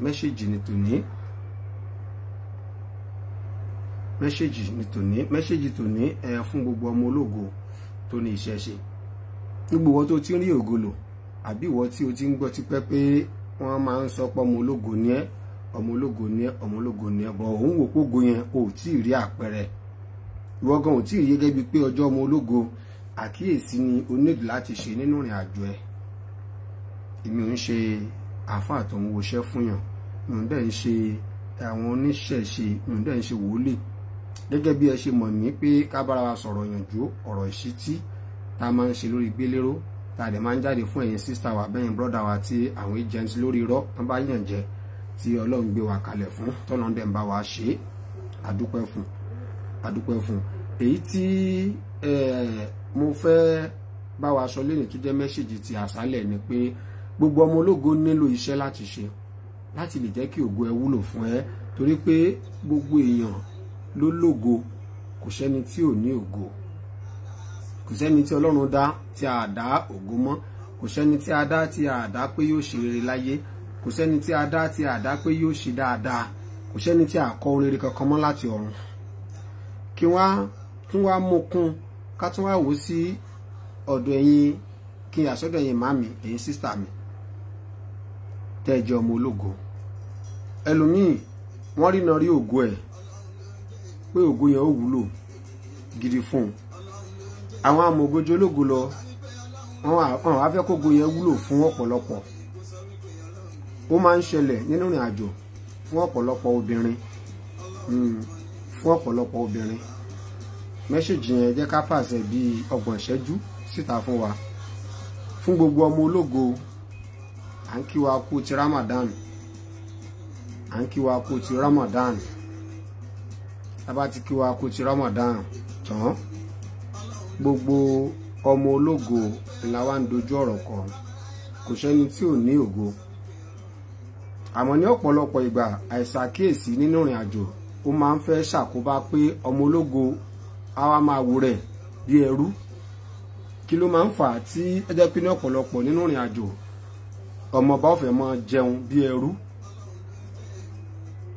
mẹ́ṣẹ́jì hmm, ni tòní mẹ́ṣẹ́jì ni tòní mẹ́ṣẹ́jì tòní ẹ fún gbogbo ọmọ tó ní iṣẹ́ ṣe gbogbo wọn tó ti ń rí ògo lò àbí ìwọ tí o ti ń gbọ́ tipẹ́ pé wọ́n máa ń sọ pé ọmọ ológo ni ẹ́ ọmọ ológo ni ẹ́ ọmọ ológo ni ẹ́ bọ̀ òun wò pógo yẹn o ò tí ì rí àpẹẹrẹ ìwọ gan ò tí ì rí gẹ́gẹ́ bíi pé ọjọ́ ọmọ ológo àkíyèsí ni o nílò láti ṣe nínú ìrìn àjò ẹ èmi ò ń ṣe àáfàá tó ń woṣẹ́ fún yàn mi ò dẹ̀ ń ṣe àwọn oníṣẹ̀ṣe mi ò dẹ̀ ń ṣe wòlíì gẹ́gẹ́ bí ẹ ṣe mọ̀ ní pé ká bára wa sọ̀rọ̀ yànjú ọ̀rọ̀ ìṣítí tá a máa ń ṣe lórí gbéléró tá a dẹ̀ máa ń jáde fún ẹ̀yin sísá wa bẹ́yìn brọ́dà wa tí àwọn agent lórí irọ́ tó bá yàn jẹ tí ọlọ́run gbé wa kalẹ̀ fún tọ́nà dẹ̀ ń bá wa ṣe àdúpẹ́ fún àdúpẹ́ fún èyí tí mo fẹ́ bá wa sọ lẹ́yìn tó jẹ́ mẹ́ṣíjì ti àṣálẹ̀ ni pé gbogbo ọmọ ológo nílò iṣẹ́ láti ṣe láti lè jẹ́ kí ògo ẹ wúlò fún ẹ torí pé gbogbo èèyàn ló lógo kò sẹ́ni tí ò ní ògo kò sẹ́ni tí ọlọ́run dá tí a dá ògo mọ́ kò sẹ́ni tí a dá tí a dá pé yóò ṣe rere láyé kò sẹ́ni tí a dá tí a dá pé yóò ṣe dáadáa kò sẹ́ni tí a kọ rere kankan mọ́ láti ọ̀run kí wá tún wá mú kún ká tún wá wò sí ọ̀dọ̀ ẹ̀yin kí àsọ̀dọ̀ ẹ̀yin màmí ẹ̀yin sísítà mi tẹ́ ẹ jẹ́ ọmọ ológo ẹlòmíì wọ́n rí náà rí ògo ẹ̀ pé ògo yẹn ó wúlò gidi fún un àwọn amògojú ológo lọ wọn á fẹ́ kógo yẹn wúlò fún ọ̀pọ̀lọpọ̀ ó máa ń ṣẹlẹ̀ nínú ìrìn àjò fún ọ̀pọ̀lọpọ̀ obìnrin hmm, fún ọ̀pọ̀lọpọ̀ obìnrin mẹ́ṣíjì yẹn jẹ́ ká pàṣẹ bíi ọgbọ̀n ìṣẹ́jú síta fún wa fún gbogbo ọmọ ológo à ń kí wa kú ti Ramadan à ń kí wa kú ti Ramadan tábà ti kí wa kú ti Ramadan tán gbogbo ọmọ ológo ńlá wa ń dojú ọ̀rọ̀ kọ kò sẹ́ni tí ò ní ògo àmọ́ ní ọ̀pọ̀lọpọ̀ ìgbà àìsàkíyèsí nínú ìrìn àjò ó máa ń fẹ́ ṣàkóbá pé ọmọ ológo á wá máa wò rẹ̀ bí ẹrú kí ló máa ń fà á tí ẹ jẹ́ pé ní ọ̀pọ̀lọpọ̀ nínú ìrìn àjò ọmọ ọba ọ̀fẹ́ máa jẹun bí ẹrú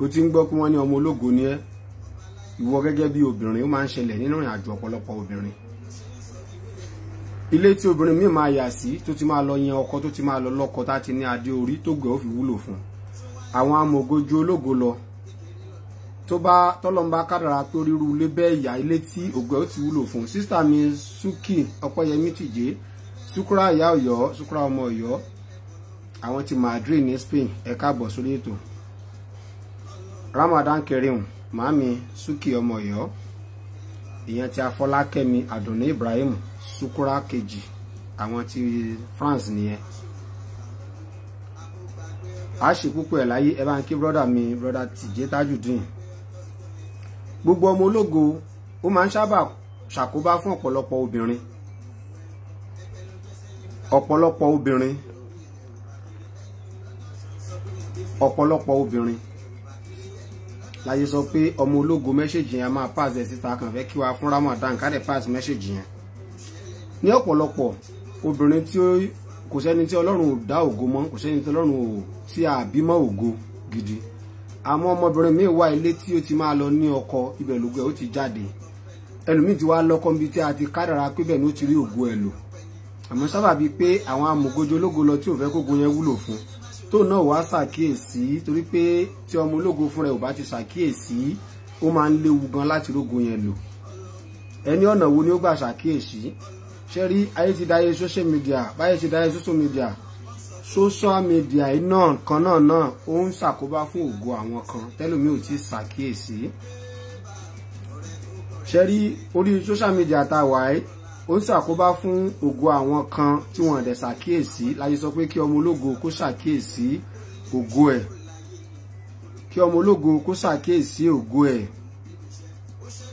ó ti ń gbọ́ pé wọ́n ní ọmọ ológo ni ẹ́ ìwọ gẹ́gẹ́ bí obìnrin ó máa ń ṣẹlẹ̀ nínú ìrìn àjò ọ̀pọ̀lọpọ̀ obìnrin ilé tí obìnrin míì máa yà sí tó ti máa lọ yan ọkọ tó ti máa lọ lọ́kọ tá ti ní adé orí tó gbẹ ó fi wúlò fún àwọn amògojú ológo lọ tó bá tọlọmọba kádàrá pé oríru ilé bẹ́ẹ̀ yà ilé tí ògbẹ ó ti wúlò fún sísá mi Súkì Ọpẹ́yẹmí Tìjé Súkúrà ìyá Ọ̀yọ́ Súkúrà ọmọ Ọ̀yọ́ àwọn ti Madrid ní Spain ẹ káàbọ̀ sórí ètò Ramadan Kareem màámi suki ọmọ Ọ̀yọ́ ìyẹn ti Afọlákẹ́mi Àdùnní Ibrahim Sukura kejì àwọn ti France nìyẹn a ṣe púpọ̀ ẹ̀ láyé ẹ bá ń kí brọ́dà mi brọ́dà Tìjẹ́ Tajudeen gbogbo ọmọ ológo ó máa ń sábà ṣàkóbá fún ọ̀pọ̀lọpọ̀ obìnrin ọ̀pọ̀lọpọ̀ obìnrin ọ̀pọ̀lọpọ̀ obìnrin láyé sọ pé ọmọ ológo mẹ́ṣẹ̀jì yẹn máa pass ẹ̀ síta kàn fẹ́ kí wa fún Ramadan ká dẹ̀ pass mẹ́ṣẹ̀jì yẹn ní ọ̀pọ̀lọpọ̀ obìnrin tí kò sẹ́ni tí ọlọ́run ò dá ògo mọ́ kò sẹ́ni tí ọlọ́run ò tí a bí mọ́ ògo gidi àmọ́ ọmọbìnrin míì wá ilé tí ó ti máa lọ ní ọkọ ibẹ̀ lógo ẹ̀ ó ti jáde ẹlòmíì ti wá lọ́kọ́ níbi tí a ti kádàrá pé bẹ́ẹ̀ ni ó ti rí ògo ẹ̀ lò àmọ́ sábàbí pé àwọn amògojológo lọ tí ò fẹ́ kógo yẹn wúlò fún un tó náà wá ṣàkíyèsí torí pé tí ọmọ ológo fúnra ẹ̀ ò bá ti ṣàkíyèsí ó máa ń léwu gan láti rógo yẹn lò ẹni ọ̀nà wo ni ó gbà ṣàkíyèsí ṣe rí ayé ti dáyé social media báyé ti dáyé social media social media iná kan náà náà ó ń ṣàkóbá fún ògo àwọn kan tẹ́lómi ò ti ṣàkíyèsí ṣe rí orí social media tá a wà ó ń ṣàkóbá fún ògo àwọn kan tí wọ́n dẹ̀ ṣàkíyèsí láyé sọ pé kí ọmọ ológo kó ṣàkíyèsí ògo ẹ̀ kí ọmọ ológo kó ṣàkíyèsí ògo ẹ̀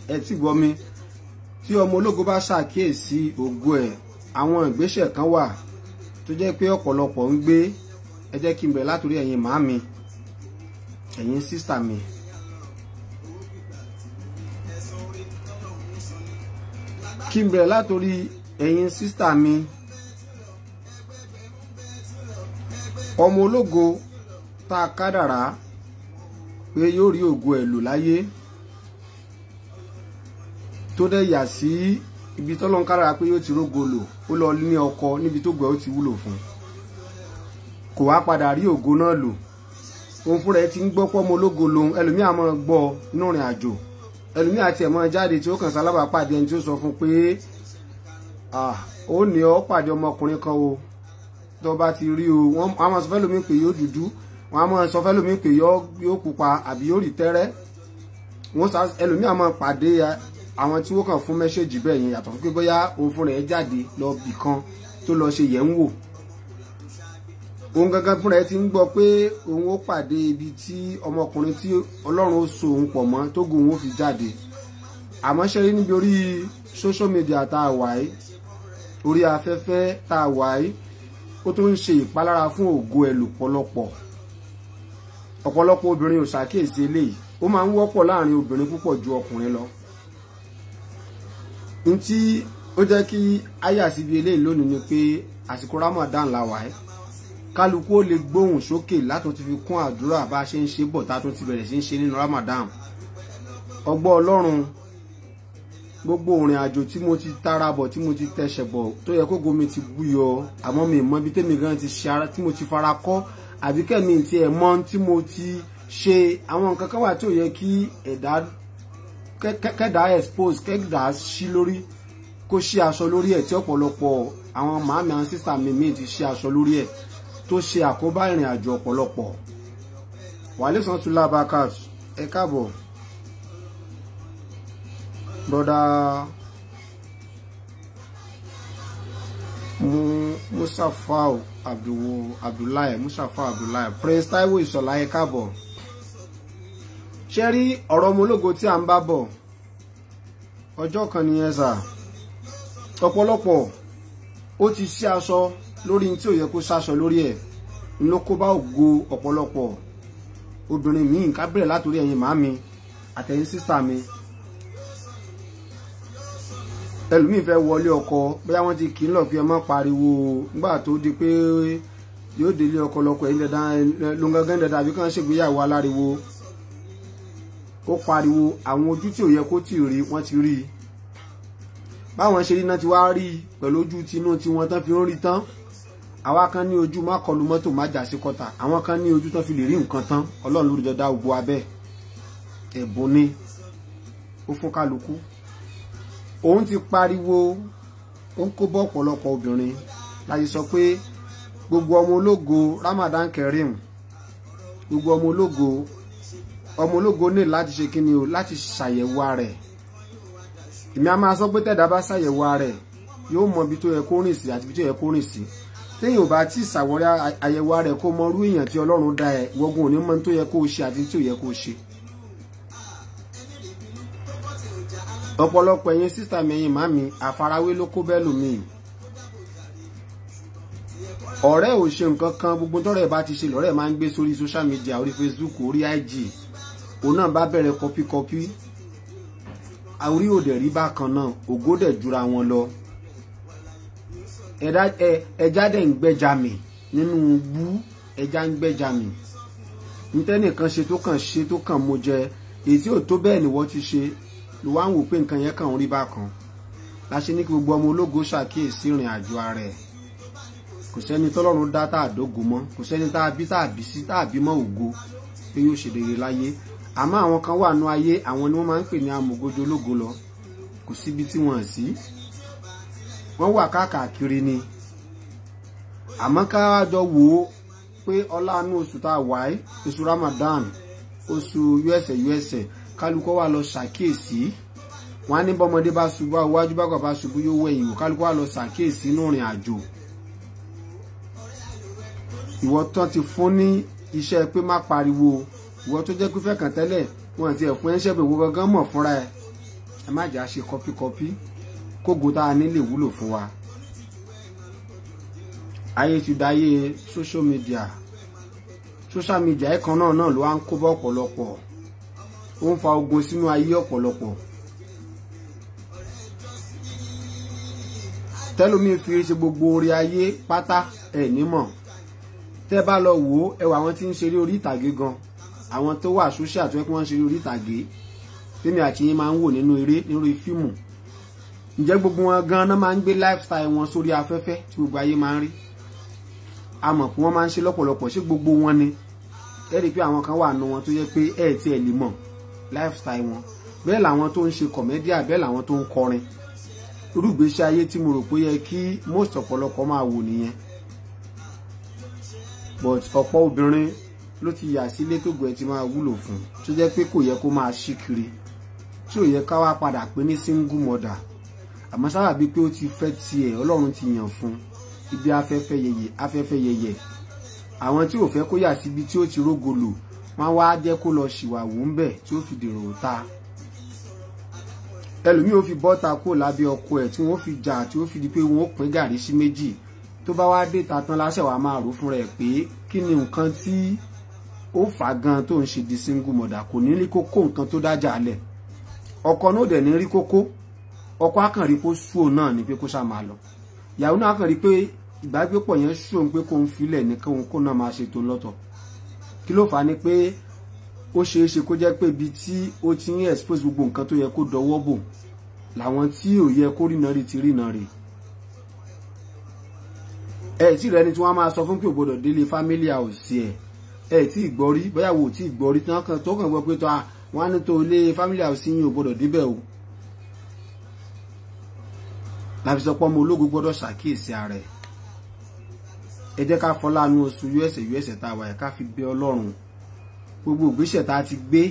ẹ ti gbọ́ mi tí ọmọ ológo bá ṣàkíyèsí ògo ẹ̀ àwọn ìgbésẹ̀ kan wà tó jẹ́ pé ọ̀pọ̀lọpọ̀ ń gbé ẹ jẹ́ kí n bẹ̀rẹ̀ látòrí ẹ̀yin màámi ẹ̀yin sísà mi. kí n bẹ̀rẹ̀ látòrí ẹ̀yin sísítà mi ọmọ ológo tá a kádàrá pé yóò rí ògo ẹ̀ lò láyé tó dẹ̀ yà sí ibi tọ́lọ́n kádàrá pé yóò ti rógo lò ó lọ ní ọkọ níbi tó gbẹ́ ó ti wúlò fún kò wá padà rí ògo náà lò òun fúnra ẹ ti ń gbọ́ pọ́ ọmọ ológo lòun ẹlòmíà máa gbọ́ nínú ìrìn àjò ẹlòmíì àti ẹ̀mọ́ jáde tí ó kàn sálábà pàdé ẹni tí ó sọ fún pé ó ní ọ pàdé ọmọkùnrin kan o tó bá ti rí o wọ́n á máa sọ fẹ́ lómi pé yóò dúdú wọ́n á máa sọ fẹ́ lómi pé yóò pupa àbí yóò rí tẹ́rẹ́ wọ́n sá ẹlòmíì á pàdé àwọn tí ó kàn fún mẹ́ṣẹ́jì bẹ́ẹ̀ yẹn yàtọ̀ fún pé bóyá òun fúnra ẹ̀ jáde lọ bì tó lọ ṣe yẹ̀ ń wò òun gangan fúnra ẹ ti ń gbọ́ pé òun ó pàdé ibi tí ọmọkùnrin tí ọlọ́run ó so òun pọ̀ mọ́ tó gun òun ó fi jáde àmọ́ ṣe rí níbi orí social media tá a wà yìí orí afẹ́fẹ́ tá a wà yìí ó tún ń ṣe ìpalára fún ògo ẹ̀ lọ́pọ̀lọpọ̀ ọ̀pọ̀lọpọ̀ obìnrin ò ṣàkíyèsí eléyìí ó máa ń wọ́pọ̀ láàrin obìnrin púpọ̀ ju ọkùnrin lọ n tí ó jẹ́ kí áyà síbi eléyìí lónìí ni pé àsìkò Ramadan la yìí kálukú ó lè gbóhùn sókè látún ti fi kún àdúrà bá a ṣe ń ṣe bọ̀ tá a tún ti bẹ̀rẹ̀ sí ń ṣe nínú Ramadan ọgbọ́ Ọlọ́run gbogbo òrìn àjò tí mo ti tara bọ̀ tí mo ti tẹsẹ̀ bọ̀ tó yẹ kó gomi ti búyọ àmọ́ mi mọ ibi tèmi gan ti ṣe ara tí mo ti fara kọ́ àbí kẹ́mi ti ẹ̀ mọ́ tí mo ti ṣe àwọn nǹkan kan wà tí ò yẹ kí ẹ̀dá kẹ́dá expose kẹ́dá sí lórí kó ṣí aṣọ lórí ẹ̀ tí ọ̀pọ̀lọpọ̀ àwọn màámi àwọn sísà mi míì ti ṣí aṣọ lórí ẹ̀ tó ṣe àkóbá ìrìn àjò ọ̀pọ̀lọpọ̀ wàlẹ́ santula bakat ẹ káàbọ̀ broda musafau abdullahi musafau abdullahi prince taiwo ìṣọ̀lá ẹ káàbọ̀ ṣe rí ọ̀rọ̀ ọmọ ológo tí a ń bá bọ̀ ọjọ́ kan nìyẹn sà ọ̀pọ̀lọpọ̀ ó ti ṣí aṣọ lórí tí ò yẹ kó sáṣọ lórí ẹ̀ ló kó bá ògo ọ̀pọ̀lọpọ̀ obìnrin míì ká bẹ̀rẹ̀ látòrí ẹ̀yin màámi àtẹ̀yìn sísà mi ẹlòmíì fẹ́ wọlé ọkọ bóyá wọ́n ti kì í lọ pé ẹ má pariwo nígbà tó di pé yóò délé ọkọ lọkọ ẹ̀yin dandan lóńgangan dandan àbí kàn ṣègbéyàwó aláriwo ó pariwo àwọn ojú tí ò yẹ kó tì rí wọ́n ti rí báwọn ṣe rí náà ti wá rí pẹ̀lú ojú tinú tí wọ́n tán fi ń rí tán àwa kan ní ojú má kọlu mọ́tò má jà sí kọta àwọn kan ní ojú tán fi lè rí nǹkan tán ọlọ́run lórí jọdá ògbó abẹ́ ẹ̀bùn ni ó fún kálukú òun ti pariwo ó ń kó bọ́ ọ̀pọ̀lọpọ̀ obìnrin láti sọ pé gbogbo ọmọ ológo Ramadan Kareem gbogbo ọmọ ológo ọmọ ológo ní láti ṣe kíni o láti ṣàyẹ̀wò rẹ̀ èmi a máa sọ pé tẹ̀dá bá ṣàyẹ̀wò rẹ̀ yóò mọ ibi tó yẹ kó rìn sí àti ibi tó yẹ kó rìn sí téèyàn ò bá tí ì ṣàwọ́rí àyẹ̀wò rẹ̀ kó mọ irú èèyàn tí ọlọ́run dá ẹ wọ́gun òní mọ tó yẹ kó o ṣe àti tí ò yẹ kó o ṣe. ọ̀pọ̀lọpọ̀ ẹ̀yin sísà mẹ́yìn má mi àfarawé ló kó bẹ́ẹ̀ lómi yìí. ọ̀rẹ́ ò ṣe nǹkan kan gbogbo tọ́rẹ́ bá ti ṣe lọ́rẹ́ máa ń gbé sórí social media orí Facebook orí IG òun náà bá bẹ̀rẹ̀ kọpíkọpí àwòrí òdẹ̀ rí bákan náà ògó dẹ̀ jura wọn lọ ẹja dẹ̀ ń gbẹ́ja mi nínú bú ẹja ń gbẹ́ja mi nítẹ́nìkan ṣe tó kàn ṣe tó kàn mo jẹ èyí ò tó bẹ́ẹ̀ ni wọ́n ti ṣe ló wá ń wò pé nǹkan yẹn kàn ń rí bákan la ṣe ní kí gbogbo ọmọ ológo ṣàkíyèsí ìrìn àjò ara ẹ̀ kò sẹ́ni tọ́lọ́run dá tá àdógo mọ́ kò sẹ́ni tá a bí tá a bí sí tá a bí mọ́ ògo pé yóò ṣe rere láyé àmọ́ àwọn kan wà nú ayé àwọn ni wọ́n máa ń pè ní amògójó ológo lọ kò síbi tí wọ́n sí wọ́n wà káàkiri ni àmọ́ ká jọ wò ó pé ọláàánú oṣù tá a wà á oṣù Ramadan oṣù usa usa kálukọ́ wa lọ ṣàkíyèsí wọ́n á ní bọ́mọdé bá ṣubú àwájú bákan bá ṣubú yóò wẹ̀ ìwò kálukọ́ wa lọ ṣàkíyèsí inú ìrìn àjò ìwọ tán ti fún ní iṣẹ́ pé má pariwo ìwọ tó jẹ́ pífẹ́ kàn tẹ́lẹ̀ wọn àti ẹ̀fún ẹ̀ṣẹ̀ bèwò gangan mọ̀ fúnra ẹ̀ ẹ má jà ṣe kọpíkọpí kógo tá a ní lè wúlò fún wa ayé ti dayé social media social media ẹ̀kan náà náà ló wá ń kó bá ọ̀pọ̀lọpọ̀ ó ń fa ogun sínú ayé ọ̀pọ̀lọpọ̀ tẹ́lómi fi ṣe gbogbo orí ayé pátá ẹ̀ nímọ̀ tẹ́ bá lọ wò ó ẹ wà àwọn tí ń ṣeré orí ìtàgé gan àwọn tó wà social tó yẹ kí wọ́n ṣeré orí ìtàgé tèmi àti yín máa ń wò nínú eré nínú fíìmù ǹjẹ́ gbogbo wọn gan-an máa ń gbé lifestyle wọn sórí afẹ́fẹ́ tí gbogbo ayé máa ń rí a mọ̀ pé wọ́n máa ń ṣe lọ́pọ̀lọpọ̀ ṣé gbogbo wọn ni ẹ rí i pé àwọn kan wà nù wọn tó yẹ pé ẹ ti ẹ̀ lè mọ̀ lifestyle wọn bẹ́ẹ̀ làwọn tó ń ṣe kọ̀mẹ́díà bẹ́ẹ̀ làwọn tó ń kọrin irú ìgbésí ayé tí mo rò pé yẹ kí most ọ̀pọ̀lọpọ̀ máa wò nìyẹn but ọ̀pọ̀ obìnrin ló ti yà sílé tó gbẹ ti máa wúlò fún tó jẹ́ pé kò yẹ kó máa ṣí kiri tí ò yẹ ká wá padà pé ní single mother àmọ́ sábàbí pé ó ti fẹ́ tiẹ̀ ọlọ́run ti yàn fún ibi afẹ́fẹ́ yẹyẹ afẹ́fẹ́ yẹyẹ àwọn tí ò fẹ́ kó yà síbi tí ó ti rógo lò wọ́n wá jẹ́ kó lọ ṣìwàwò ń bẹ̀ tí ó fi dèrò ta ẹlòmíì ó fi bọ́ta kó lábẹ́ ọkọ ẹ̀ tí wọ́n fi jà tí ó fi di pé wọ́n ó pín gàrí sí méjì tó bá wá dé ta tán láṣẹ wàá máa rò fúnra ẹ̀ pé kí ni nǹkan tí ó fà gan tó ń ṣe di single mother kò ní rí kókó nǹkan tó dájà lẹ̀ ọkọ náà dẹ̀ ní rí kókó ọkọ akànrí kó sú òun náà ni pé kó ṣáà máa lọ ìyàwó náà akànrí pé ìbágbépọ̀ yẹn sú òun pé kóun filẹ̀ ní kóun kó náà máa ṣètò lọ́tọ̀ kí ló fà á ni pé ó ṣeé ṣe kó jẹ́ pé ibi tí ó ti ń expose gbogbo nǹkan tó yẹ kó dọwọ́ bò làwọn tí ò yẹ kó rìnà rí ti rìnà rí ẹ tí rẹni tí wọ́n máa sọ fún pé ògbọ́dọ̀ délé family house ẹ ẹ tí ìgbọ́rí bóyá wò tí ìgbọ́rí tó kàn gbọ́ pé tó wọ́n á ní tó ilé family house yín ògbọ́dọ̀ débẹ̀ o láfi sọ pé ọmọ ológun gbọ́dọ̀ ṣàkíyèsí ara ẹ̀ ẹ jẹ́ ká fọláàánú oṣù usa usa tá a wà ẹ̀ ká fi bẹ ọlọ́run gbogbo ògbésẹ̀ tá a ti gbé